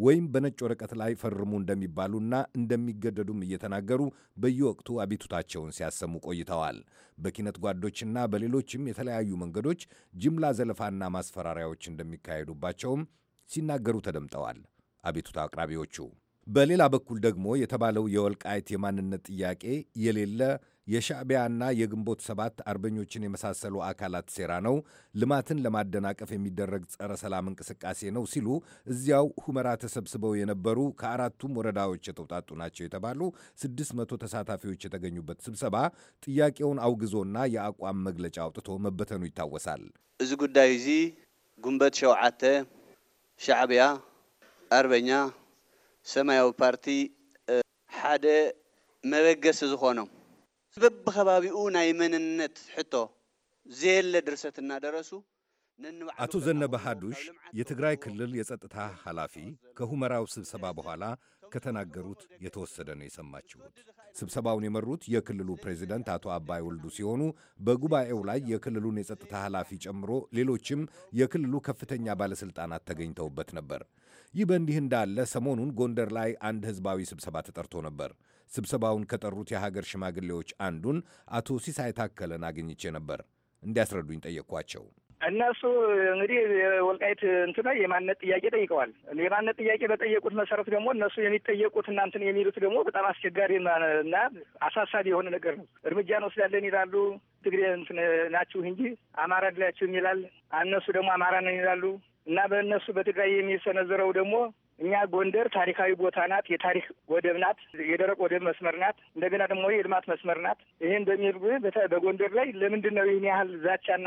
ወይም በነጭ ወረቀት ላይ ፈርሙ እንደሚባሉና እንደሚገደዱም እየተናገሩ በየወቅቱ አቤቱታቸውን ሲያሰሙ ቆይተዋል። በኪነት ጓዶችና በሌሎችም የተለያዩ መንገዶች ጅምላ ዘለፋና ማስፈራሪያዎች እንደሚካሄዱባቸውም ሲናገሩ ተደምጠዋል አቤቱታ አቅራቢዎቹ በሌላ በኩል ደግሞ የተባለው የወልቃይት የማንነት ጥያቄ የሌለ የሻዕቢያና የግንቦት ሰባት አርበኞችን የመሳሰሉ አካላት ሴራ ነው፣ ልማትን ለማደናቀፍ የሚደረግ ጸረ ሰላም እንቅስቃሴ ነው ሲሉ እዚያው ሁመራ ተሰብስበው የነበሩ ከአራቱም ወረዳዎች የተውጣጡ ናቸው የተባሉ ስድስት መቶ ተሳታፊዎች የተገኙበት ስብሰባ ጥያቄውን አውግዞና የአቋም መግለጫ አውጥቶ መበተኑ ይታወሳል። እዚ ጉዳይ እዚ ጉንበት ሸውዓተ ሻዕቢያ አርበኛ ሰማያዊ ፓርቲ ሓደ መበገሲ ዝኾኖም በብኸባቢኡ ናይ መንነት ሕቶ ዘየለ ድርሰት እናደረሱ አቶ ዘነበ ሐዱሽ የትግራይ ክልል የጸጥታ ኃላፊ ከሁመራው ስብሰባ በኋላ ከተናገሩት የተወሰደ ነው የሰማችሁት። ስብሰባውን የመሩት የክልሉ ፕሬዚደንት አቶ አባይ ወልዱ ሲሆኑ በጉባኤው ላይ የክልሉን የጸጥታ ኃላፊ ጨምሮ ሌሎችም የክልሉ ከፍተኛ ባለሥልጣናት ተገኝተውበት ነበር። ይህ በእንዲህ እንዳለ ሰሞኑን ጎንደር ላይ አንድ ህዝባዊ ስብሰባ ተጠርቶ ነበር። ስብሰባውን ከጠሩት የሀገር ሽማግሌዎች አንዱን አቶ ሲሳይ ታከለን አግኝቼ ነበር። እንዲያስረዱኝ ጠየቅኳቸው። እነሱ እንግዲህ ወልቃይት እንትና የማንነት ጥያቄ ጠይቀዋል። የማንነት ጥያቄ በጠየቁት መሰረት ደግሞ እነሱ የሚጠየቁት እናንትን የሚሉት ደግሞ በጣም አስቸጋሪ እና አሳሳቢ የሆነ ነገር ነው። እርምጃ እንወስዳለን ይላሉ። ትግሬ ናችሁ እንጂ አማራ አይደላችሁም ይላል። እነሱ ደግሞ አማራ ነን ይላሉ። እና በእነሱ በትግራይ የሚሰነዘረው ደግሞ እኛ ጎንደር ታሪካዊ ቦታ ናት፣ የታሪክ ወደብ ናት፣ የደረቅ ወደብ መስመር ናት፣ እንደገና ደግሞ የልማት መስመር ናት። ይህን በሚል በጎንደር ላይ ለምንድን ነው ይህን ያህል ዛቻና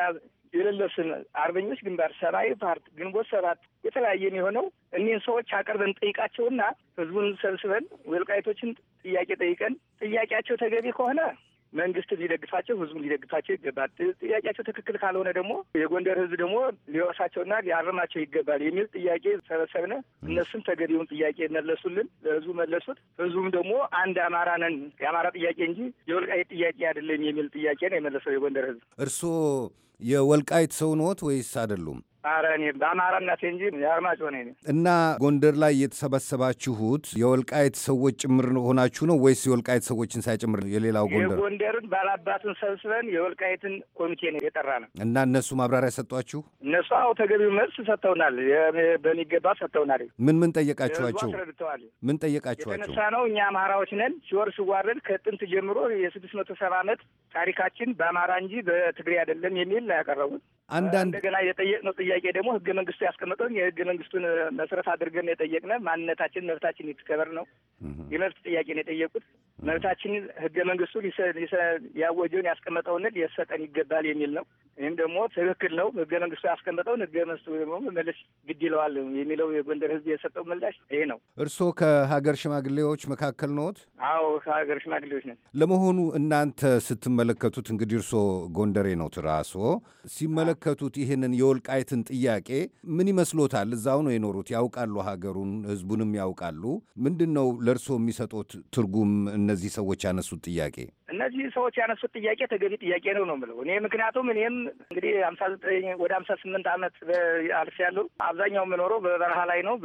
የሌለስን አርበኞች ግንባር ሰማያዊ ፓርት ግንቦት ሰባት የተለያየ የሚሆነው እኒህን ሰዎች አቅርበን ጠይቃቸውና ህዝቡን ሰብስበን ወልቃይቶችን ጥያቄ ጠይቀን ጥያቄያቸው ተገቢ ከሆነ መንግስት ሊደግፋቸው፣ ህዝቡ ሊደግፋቸው ይገባል። ጥያቄያቸው ትክክል ካልሆነ ደግሞ የጎንደር ህዝብ ደግሞ ሊወሳቸውና ሊያርማቸው ይገባል የሚል ጥያቄ ሰበሰብነ። እነሱም ተገቢውን ጥያቄ መለሱልን፣ ለህዝቡ መለሱት። ህዝቡም ደግሞ አንድ አማራ ነን የአማራ ጥያቄ እንጂ የወልቃይት ጥያቄ አይደለም የሚል ጥያቄ ነው የመለሰው የጎንደር ህዝብ። እርስዎ የወልቃይት ሰው ኖት ወይስ አይደሉም? ኧረ እኔ እንጂ እና ጎንደር ላይ የተሰበሰባችሁት የወልቃይት ሰዎች ጭምር ሆናችሁ ነው ወይስ የወልቃይት ሰዎችን ሳይጨምር የሌላው ጎንደር የጎንደርን ባላባቱን ሰብስበን የወልቃይትን ኮሚቴ ነው የጠራ ነው። እና እነሱ ማብራሪያ ሰጧችሁ? እነሱ አዎ ተገቢው መልስ ሰጥተውናል፣ በሚገባ ሰጥተውናል። ምን ምን ጠየቃችኋቸው? ምን ጠየቃችኋቸው? የተነሳ ነው እኛ አማራዎች ነን ሲወር ሲዋረድ ከጥንት ጀምሮ የስድስት መቶ ሰባ ዓመት ታሪካችን በአማራ እንጂ በትግሬ አይደለም የሚል ያቀረቡት አንዳንድ እንደገና የጠየቅነው ጥያቄ ደግሞ ህገ መንግስቱ ያስቀመጠውን የህገ መንግስቱን መሰረት አድርገን የጠየቅነ ማንነታችን መብታችን ይትከበር ነው የመብት ጥያቄ ነው የጠየቁት። መብታችን ህገ መንግስቱ ያወጀውን ያስቀመጠውን ሊሰጠን ይገባል የሚል ነው። ይህም ደግሞ ትክክል ነው። ህገ መንግስቱ ያስቀመጠውን ህገ መንግስቱ ደግሞ መመለስ ግድ ይለዋል የሚለው የጎንደር ህዝብ የሰጠው ምላሽ ይሄ ነው። እርስዎ ከሀገር ሽማግሌዎች መካከል ነዎት? አዎ ከሀገር ሽማግሌዎች ነን። ለመሆኑ እናንተ ስትመለከቱት እንግዲህ እርስዎ ጎንደሬ ነዎት ራስዎ ሲመለ የተመለከቱት ይህንን የወልቃይትን ጥያቄ ምን ይመስሎታል? እዛው ነው የኖሩት፣ ያውቃሉ፣ ሀገሩን ህዝቡንም ያውቃሉ። ምንድን ነው ለእርስዎ የሚሰጡት ትርጉም? እነዚህ ሰዎች ያነሱት ጥያቄ እነዚህ ሰዎች ያነሱት ጥያቄ ተገቢ ጥያቄ ነው ነው ምለው እኔ። ምክንያቱም እኔም እንግዲህ አምሳ ዘጠኝ ወደ አምሳ ስምንት ዓመት አልፍ ያለው አብዛኛው የምኖረው በበረሃ ላይ ነው፣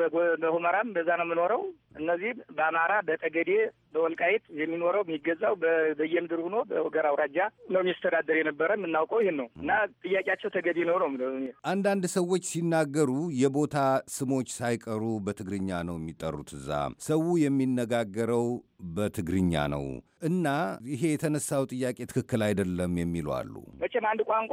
በሁመራም በዛ ነው የምኖረው። እነዚህ በአማራ በጠገዴ በወልቃይት የሚኖረው የሚገዛው በየምድር ሆኖ በወገር አውራጃ ነው የሚስተዳደር የነበረ የምናውቀው ይህን ነው እና ጥያቄያቸው ተገቢ ነው ነው ምለው። አንዳንድ ሰዎች ሲናገሩ የቦታ ስሞች ሳይቀሩ በትግርኛ ነው የሚጠሩት። እዛ ሰው የሚነጋገረው በትግርኛ ነው እና ይሄ የተነሳው ጥያቄ ትክክል አይደለም የሚሉ አሉ። መቼም አንድ ቋንቋ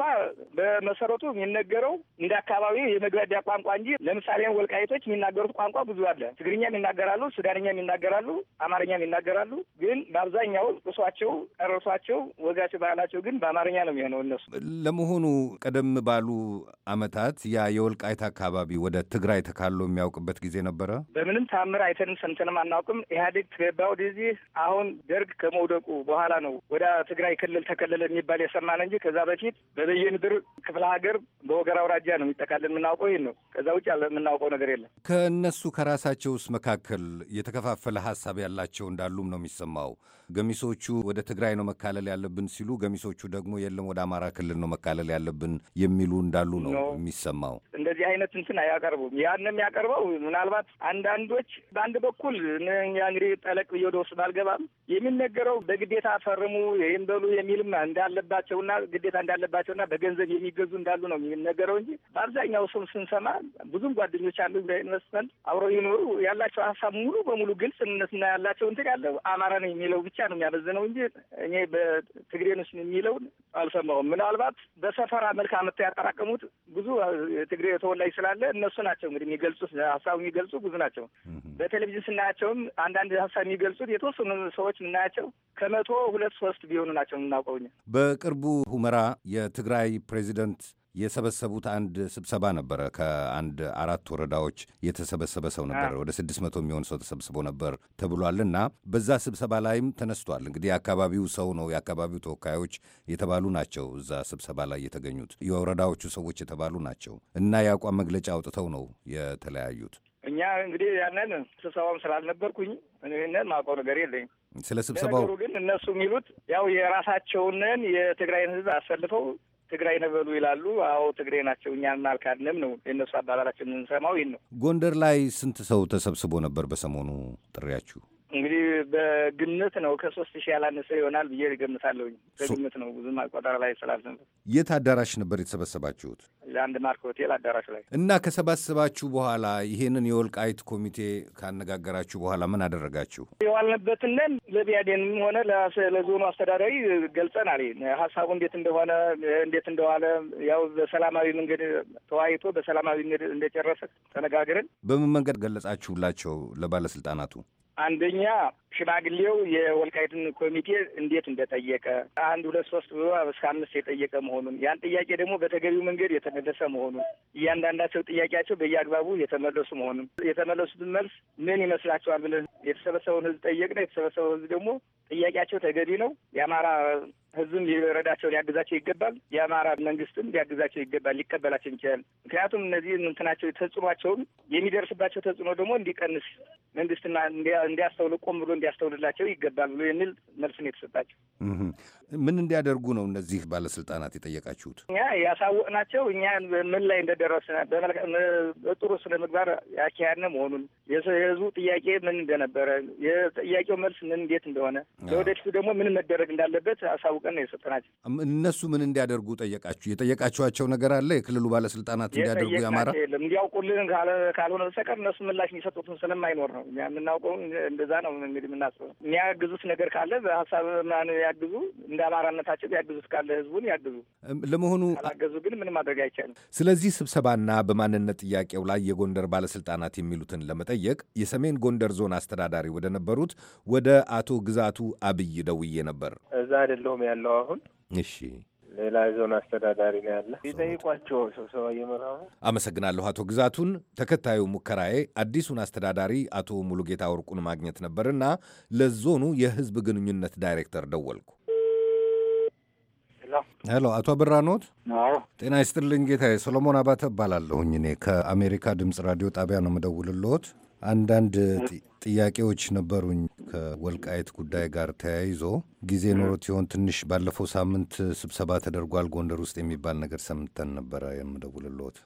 በመሰረቱ የሚነገረው እንደ አካባቢ የመግባቢያ ቋንቋ እንጂ ለምሳሌ ወልቃይቶች የሚናገሩት ቋንቋ ብዙ አለ። ትግርኛም ይናገራሉ፣ ሱዳንኛም ይናገራሉ፣ አማርኛም ይናገራሉ። ግን በአብዛኛው ቁሷቸው፣ ቀረሷቸው፣ ወጋቸው፣ ባህላቸው ግን በአማርኛ ነው የሚሆነው። እነሱ ለመሆኑ ቀደም ባሉ አመታት ያ የወልቃይት አካባቢ ወደ ትግራይ ተካሎ የሚያውቅበት ጊዜ ነበረ? በምንም ታምር አይተንም ሰምተንም አናውቅም። ኢህአዴግ ትገባ ወደዚህ ስለዚህ አሁን ደርግ ከመውደቁ በኋላ ነው ወደ ትግራይ ክልል ተከለለ የሚባል የሰማን እንጂ ከዛ በፊት በበየምድር ክፍለ ሀገር በወገራ አውራጃ ነው የሚጠቃልል የምናውቀው ይህን ነው። ከዛ ውጭ የምናውቀው ነገር የለም። ከእነሱ ከራሳቸው ውስጥ መካከል የተከፋፈለ ሀሳብ ያላቸው እንዳሉም ነው የሚሰማው። ገሚሶቹ ወደ ትግራይ ነው መካለል ያለብን ሲሉ፣ ገሚሶቹ ደግሞ የለም ወደ አማራ ክልል ነው መካለል ያለብን የሚሉ እንዳሉ ነው የሚሰማው። እንደዚህ አይነት እንትን አያቀርቡም። ያን የሚያቀርበው ምናልባት አንዳንዶች በአንድ በኩል እንግዲህ ጠለቅ ብዬ ወደ ውስጥ የሚነገረው በግዴታ ፈርሙ ይህም በሉ የሚልም እንዳለባቸውና ግዴታ እንዳለባቸውና በገንዘብ የሚገዙ እንዳሉ ነው የሚነገረው እንጂ በአብዛኛው ሰው ስንሰማ ብዙም ጓደኞች አሉ ኢንቨስትመንት አብረው ይኖሩ ያላቸው ሀሳብ ሙሉ በሙሉ ግልጽነትና ያላቸው እንትን ያለው አማራ ነው የሚለው ብቻ ነው የሚያመዝነው እንጂ እኔ በትግሬን ውስጥ የሚለውን አልሰማሁም። ምናልባት በሰፈራ መልክ አመታ ያጠራቀሙት ብዙ ትግሬ ተወላጅ ስላለ እነሱ ናቸው እንግዲህ የሚገልጹት ሀሳቡ የሚገልጹ ብዙ ናቸው። በቴሌቪዥን ስናያቸውም አንዳንድ ሀሳብ የሚገልጹት የተወሰኑ ሰዎች የምናያቸው ከመቶ ሁለት ሶስት ቢሆኑ ናቸው የምናውቀው። በቅርቡ ሁመራ የትግራይ ፕሬዚደንት የሰበሰቡት አንድ ስብሰባ ነበረ። ከአንድ አራት ወረዳዎች የተሰበሰበ ሰው ነበር። ወደ ስድስት መቶ የሚሆን ሰው ተሰብስቦ ነበር ተብሏል እና በዛ ስብሰባ ላይም ተነስቷል። እንግዲህ የአካባቢው ሰው ነው የአካባቢው ተወካዮች የተባሉ ናቸው እዛ ስብሰባ ላይ የተገኙት የወረዳዎቹ ሰዎች የተባሉ ናቸው እና የአቋም መግለጫ አውጥተው ነው የተለያዩት። እኛ እንግዲህ ያንን ስብሰባም ስላልነበርኩኝ ይህንን ማውቀው ነገር የለኝም። ስለ ስብሰባው ግን እነሱ የሚሉት ያው የራሳቸውን የትግራይን ህዝብ አሰልፈው ትግራይ ነበሉ ይላሉ። አዎ ትግሬ ናቸው፣ እኛን አልካድንም ነው የእነሱ አባባላቸው። የምንሰማው ይህን ነው። ጎንደር ላይ ስንት ሰው ተሰብስቦ ነበር በሰሞኑ ጥሪያችሁ? እንግዲህ በግምት ነው ከሶስት ሺህ ያላነሰ ይሆናል ብዬ ገምታለሁኝ። በግምት ነው ብዙ ማቆጠር ላይ ስላልዘን። የት አዳራሽ ነበር የተሰበሰባችሁት? ለአንድ ማርክ ሆቴል አዳራሽ ላይ እና ከሰባሰባችሁ በኋላ ይሄንን የወልቃይት ኮሚቴ ካነጋገራችሁ በኋላ ምን አደረጋችሁ? የዋልንበትንን ለቢያዴንም ሆነ ለዞኑ አስተዳዳሪ ገልጸናል። ሀሳቡ እንዴት እንደሆነ እንዴት እንደዋለ ያው በሰላማዊ መንገድ ተወያይቶ በሰላማዊ መንገድ እንደጨረሰ ተነጋግረን። በምን መንገድ ገለጻችሁላቸው ለባለስልጣናቱ? አንደኛ ሽማግሌው የወልቃይትን ኮሚቴ እንዴት እንደጠየቀ አንድ ሁለት ሶስት ብሎ እስከ አምስት የጠየቀ መሆኑን ያን ጥያቄ ደግሞ በተገቢው መንገድ የተመለሰ መሆኑን እያንዳንዳቸው ጥያቄያቸው በየአግባቡ የተመለሱ መሆኑን የተመለሱትን መልስ ምን ይመስላቸዋል ብለን የተሰበሰበውን ህዝብ ጠየቅነው። የተሰበሰበው ህዝብ ደግሞ ጥያቄያቸው ተገቢ ነው፣ የአማራ ህዝብም ሊረዳቸው ሊያግዛቸው ይገባል፣ የአማራ መንግስትም ሊያግዛቸው ይገባል፣ ሊቀበላቸው ይችላል። ምክንያቱም እነዚህ እንትናቸው ተጽዕኗቸውም የሚደርስባቸው ተጽዕኖ ደግሞ እንዲቀንስ መንግስትና እንዲያስተውል ቆም ብሎ እንዲያስተውልላቸው ይገባል ብሎ የሚል መልስ ነው የተሰጣቸው። ምን እንዲያደርጉ ነው እነዚህ ባለስልጣናት የጠየቃችሁት? እኛ ያሳወቅናቸው እኛ ምን ላይ እንደደረሰ በጥሩ ስነ ምግባር ያካሄድን መሆኑን፣ የህዝቡ ጥያቄ ምን እንደነበረ፣ የጥያቄው መልስ ምን እንዴት እንደሆነ፣ ለወደፊቱ ደግሞ ምን መደረግ እንዳለበት አሳውቀን ነው የሰጠናቸው። እነሱ ምን እንዲያደርጉ ጠየቃችሁ? የጠየቃችኋቸው ነገር አለ? የክልሉ ባለስልጣናት እንዲያደርጉ ያማራ የለም እንዲያውቁልን ካልሆነ በስተቀር እነሱ ምላሽ የሚሰጡትን ስለማይኖር ነው። የምናውቀው እንደዛ ነው እንግዲህ ብለን የምናስበው የሚያግዙት ነገር ካለ በሀሳብ ምናምን ያግዙ፣ እንደ አማራነታቸው ያግዙት ካለ ህዝቡን ያግዙ። ለመሆኑ ካላገዙ ግን ምንም ማድረግ አይቻልም። ስለዚህ ስብሰባና በማንነት ጥያቄው ላይ የጎንደር ባለስልጣናት የሚሉትን ለመጠየቅ የሰሜን ጎንደር ዞን አስተዳዳሪ ወደ ነበሩት ወደ አቶ ግዛቱ አብይ ደውዬ ነበር። እዛ አይደለሁም ያለው አሁን። እሺ ሌላ ዞን አስተዳዳሪ ነው ያለ ይጠይቋቸው ስብሰባ እየመራሁ አመሰግናለሁ አቶ ግዛቱን። ተከታዩ ሙከራዬ አዲሱን አስተዳዳሪ አቶ ሙሉጌታ ወርቁን ማግኘት ነበርና ለዞኑ የህዝብ ግንኙነት ዳይሬክተር ደወልኩ። ሄሎ አቶ ብራኖት ጤና ይስጥልኝ ጌታ፣ ሰሎሞን አባተ እባላለሁኝ። እኔ ከአሜሪካ ድምፅ ራዲዮ ጣቢያ ነው የምደውልልዎት አንዳንድ ጥያቄዎች ነበሩኝ ከወልቃይት ጉዳይ ጋር ተያይዞ ጊዜ ኖሮት ይሆን ትንሽ ባለፈው ሳምንት ስብሰባ ተደርጓል ጎንደር ውስጥ የሚባል ነገር ሰምተን ነበረ የምደውልልዎት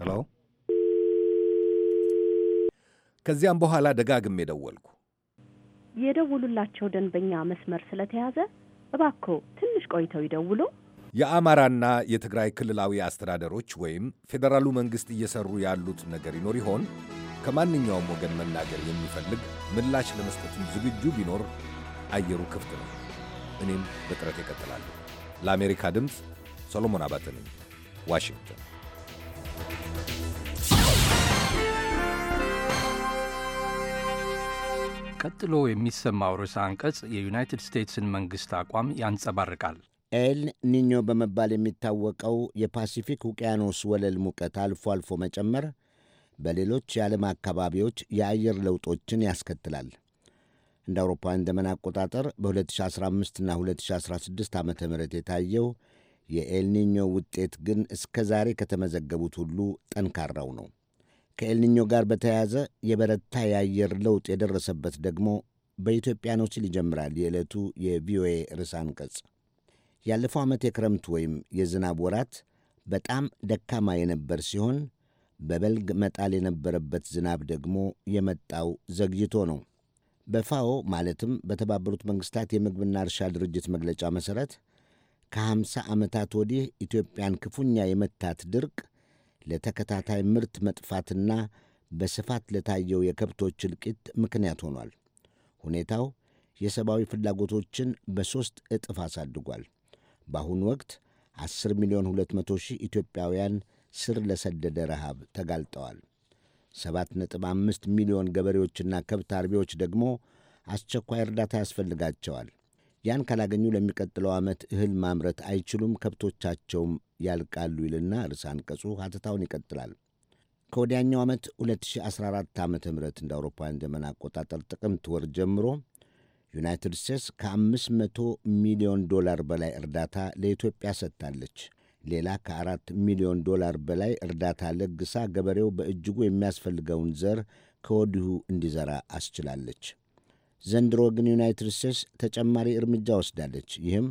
ሄሎ ከዚያም በኋላ ደጋግሜ ደወልኩ የደውሉላቸው ደንበኛ መስመር ስለተያዘ እባክዎ ትንሽ ቆይተው ይደውሉ የአማራና የትግራይ ክልላዊ አስተዳደሮች ወይም ፌዴራሉ መንግሥት እየሠሩ ያሉት ነገር ይኖር ይሆን? ከማንኛውም ወገን መናገር የሚፈልግ ምላሽ ለመስጠትም ዝግጁ ቢኖር አየሩ ክፍት ነው። እኔም በጥረት ይቀጥላሉ። ለአሜሪካ ድምፅ ሰሎሞን አባተ ነኝ፣ ዋሽንግተን። ቀጥሎ የሚሰማው ርዕሰ አንቀጽ የዩናይትድ ስቴትስን መንግሥት አቋም ያንጸባርቃል። ኤል ኒኞ በመባል የሚታወቀው የፓሲፊክ ውቅያኖስ ወለል ሙቀት አልፎ አልፎ መጨመር በሌሎች የዓለም አካባቢዎች የአየር ለውጦችን ያስከትላል። እንደ አውሮፓውያን ዘመን አቆጣጠር በ2015 እና 2016 ዓ ም የታየው የኤልኒኞ ውጤት ግን እስከ ዛሬ ከተመዘገቡት ሁሉ ጠንካራው ነው። ከኤልኒኞ ጋር በተያያዘ የበረታ የአየር ለውጥ የደረሰበት ደግሞ በኢትዮጵያ ነው ሲል ይጀምራል የዕለቱ የቪኦኤ ርዕሰ አንቀጽ። ያለፈው ዓመት የክረምት ወይም የዝናብ ወራት በጣም ደካማ የነበር ሲሆን በበልግ መጣል የነበረበት ዝናብ ደግሞ የመጣው ዘግይቶ ነው። በፋኦ ማለትም በተባበሩት መንግሥታት የምግብና እርሻ ድርጅት መግለጫ መሠረት ከ50 ዓመታት ወዲህ ኢትዮጵያን ክፉኛ የመታት ድርቅ ለተከታታይ ምርት መጥፋትና በስፋት ለታየው የከብቶች እልቂት ምክንያት ሆኗል። ሁኔታው የሰብአዊ ፍላጎቶችን በሦስት እጥፍ አሳድጓል። በአሁኑ ወቅት 10 ሚሊዮን 200 ሺህ ኢትዮጵያውያን ስር ለሰደደ ረሃብ ተጋልጠዋል። 7.5 ሚሊዮን ገበሬዎችና ከብት አርቢዎች ደግሞ አስቸኳይ እርዳታ ያስፈልጋቸዋል። ያን ካላገኙ ለሚቀጥለው ዓመት እህል ማምረት አይችሉም፣ ከብቶቻቸውም ያልቃሉ ይልና ርዕሰ አንቀጹ ሐተታውን ይቀጥላል። ከወዲያኛው ዓመት 2014 ዓ ም እንደ አውሮፓውያን ዘመን አቆጣጠር ጥቅምት ወር ጀምሮ ዩናይትድ ስቴትስ ከ500 ሚሊዮን ዶላር በላይ እርዳታ ለኢትዮጵያ ሰጥታለች። ሌላ ከ4 ሚሊዮን ዶላር በላይ እርዳታ ለግሳ ገበሬው በእጅጉ የሚያስፈልገውን ዘር ከወዲሁ እንዲዘራ አስችላለች። ዘንድሮ ግን ዩናይትድ ስቴትስ ተጨማሪ እርምጃ ወስዳለች። ይህም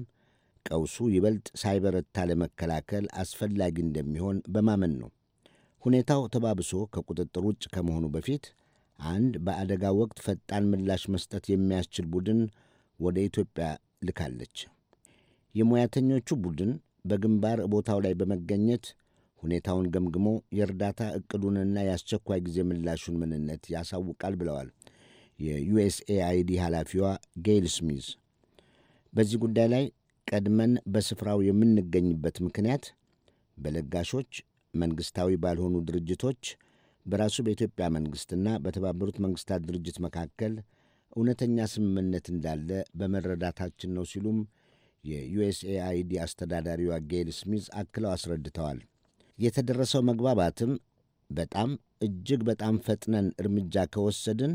ቀውሱ ይበልጥ ሳይበረታ ለመከላከል አስፈላጊ እንደሚሆን በማመን ነው። ሁኔታው ተባብሶ ከቁጥጥር ውጭ ከመሆኑ በፊት አንድ በአደጋ ወቅት ፈጣን ምላሽ መስጠት የሚያስችል ቡድን ወደ ኢትዮጵያ ልካለች። የሙያተኞቹ ቡድን በግንባር ቦታው ላይ በመገኘት ሁኔታውን ገምግሞ የእርዳታ ዕቅዱንና የአስቸኳይ ጊዜ ምላሹን ምንነት ያሳውቃል ብለዋል የዩኤስኤአይዲ ኃላፊዋ ጌይል ስሚዝ። በዚህ ጉዳይ ላይ ቀድመን በስፍራው የምንገኝበት ምክንያት በለጋሾች መንግሥታዊ ባልሆኑ ድርጅቶች በራሱ በኢትዮጵያ መንግሥትና በተባበሩት መንግሥታት ድርጅት መካከል እውነተኛ ስምምነት እንዳለ በመረዳታችን ነው ሲሉም የዩኤስኤአይዲ አስተዳዳሪዋ ጌል ስሚዝ አክለው አስረድተዋል። የተደረሰው መግባባትም በጣም እጅግ በጣም ፈጥነን እርምጃ ከወሰድን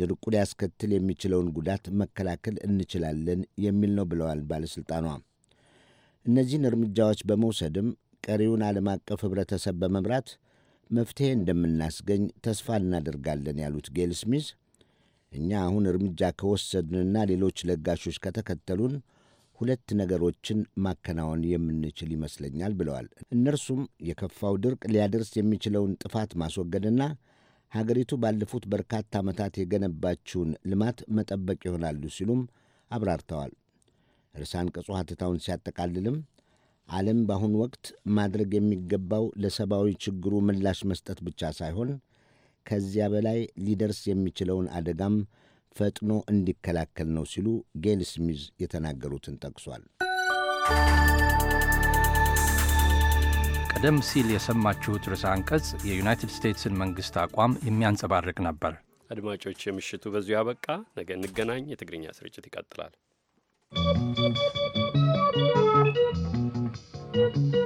ድርቁ ሊያስከትል የሚችለውን ጉዳት መከላከል እንችላለን የሚል ነው ብለዋል ባለሥልጣኗ። እነዚህን እርምጃዎች በመውሰድም ቀሪውን ዓለም አቀፍ ኅብረተሰብ በመምራት መፍትሄ እንደምናስገኝ ተስፋ እናደርጋለን ያሉት ጌል ስሚዝ እኛ አሁን እርምጃ ከወሰድንና ሌሎች ለጋሾች ከተከተሉን ሁለት ነገሮችን ማከናወን የምንችል ይመስለኛል ብለዋል። እነርሱም የከፋው ድርቅ ሊያደርስ የሚችለውን ጥፋት ማስወገድና ሀገሪቱ ባለፉት በርካታ ዓመታት የገነባችውን ልማት መጠበቅ ይሆናሉ ሲሉም አብራርተዋል። እርሳን አንቀጹ ሐተታውን ሲያጠቃልልም ዓለም በአሁኑ ወቅት ማድረግ የሚገባው ለሰብአዊ ችግሩ ምላሽ መስጠት ብቻ ሳይሆን ከዚያ በላይ ሊደርስ የሚችለውን አደጋም ፈጥኖ እንዲከላከል ነው ሲሉ ጌል ስሚዝ የተናገሩትን ጠቅሷል። ቀደም ሲል የሰማችሁት ርዕሰ አንቀጽ የዩናይትድ ስቴትስን መንግሥት አቋም የሚያንጸባርቅ ነበር። አድማጮች፣ የምሽቱ በዚሁ ያበቃ። ነገ እንገናኝ። የትግርኛ ስርጭት ይቀጥላል። thank you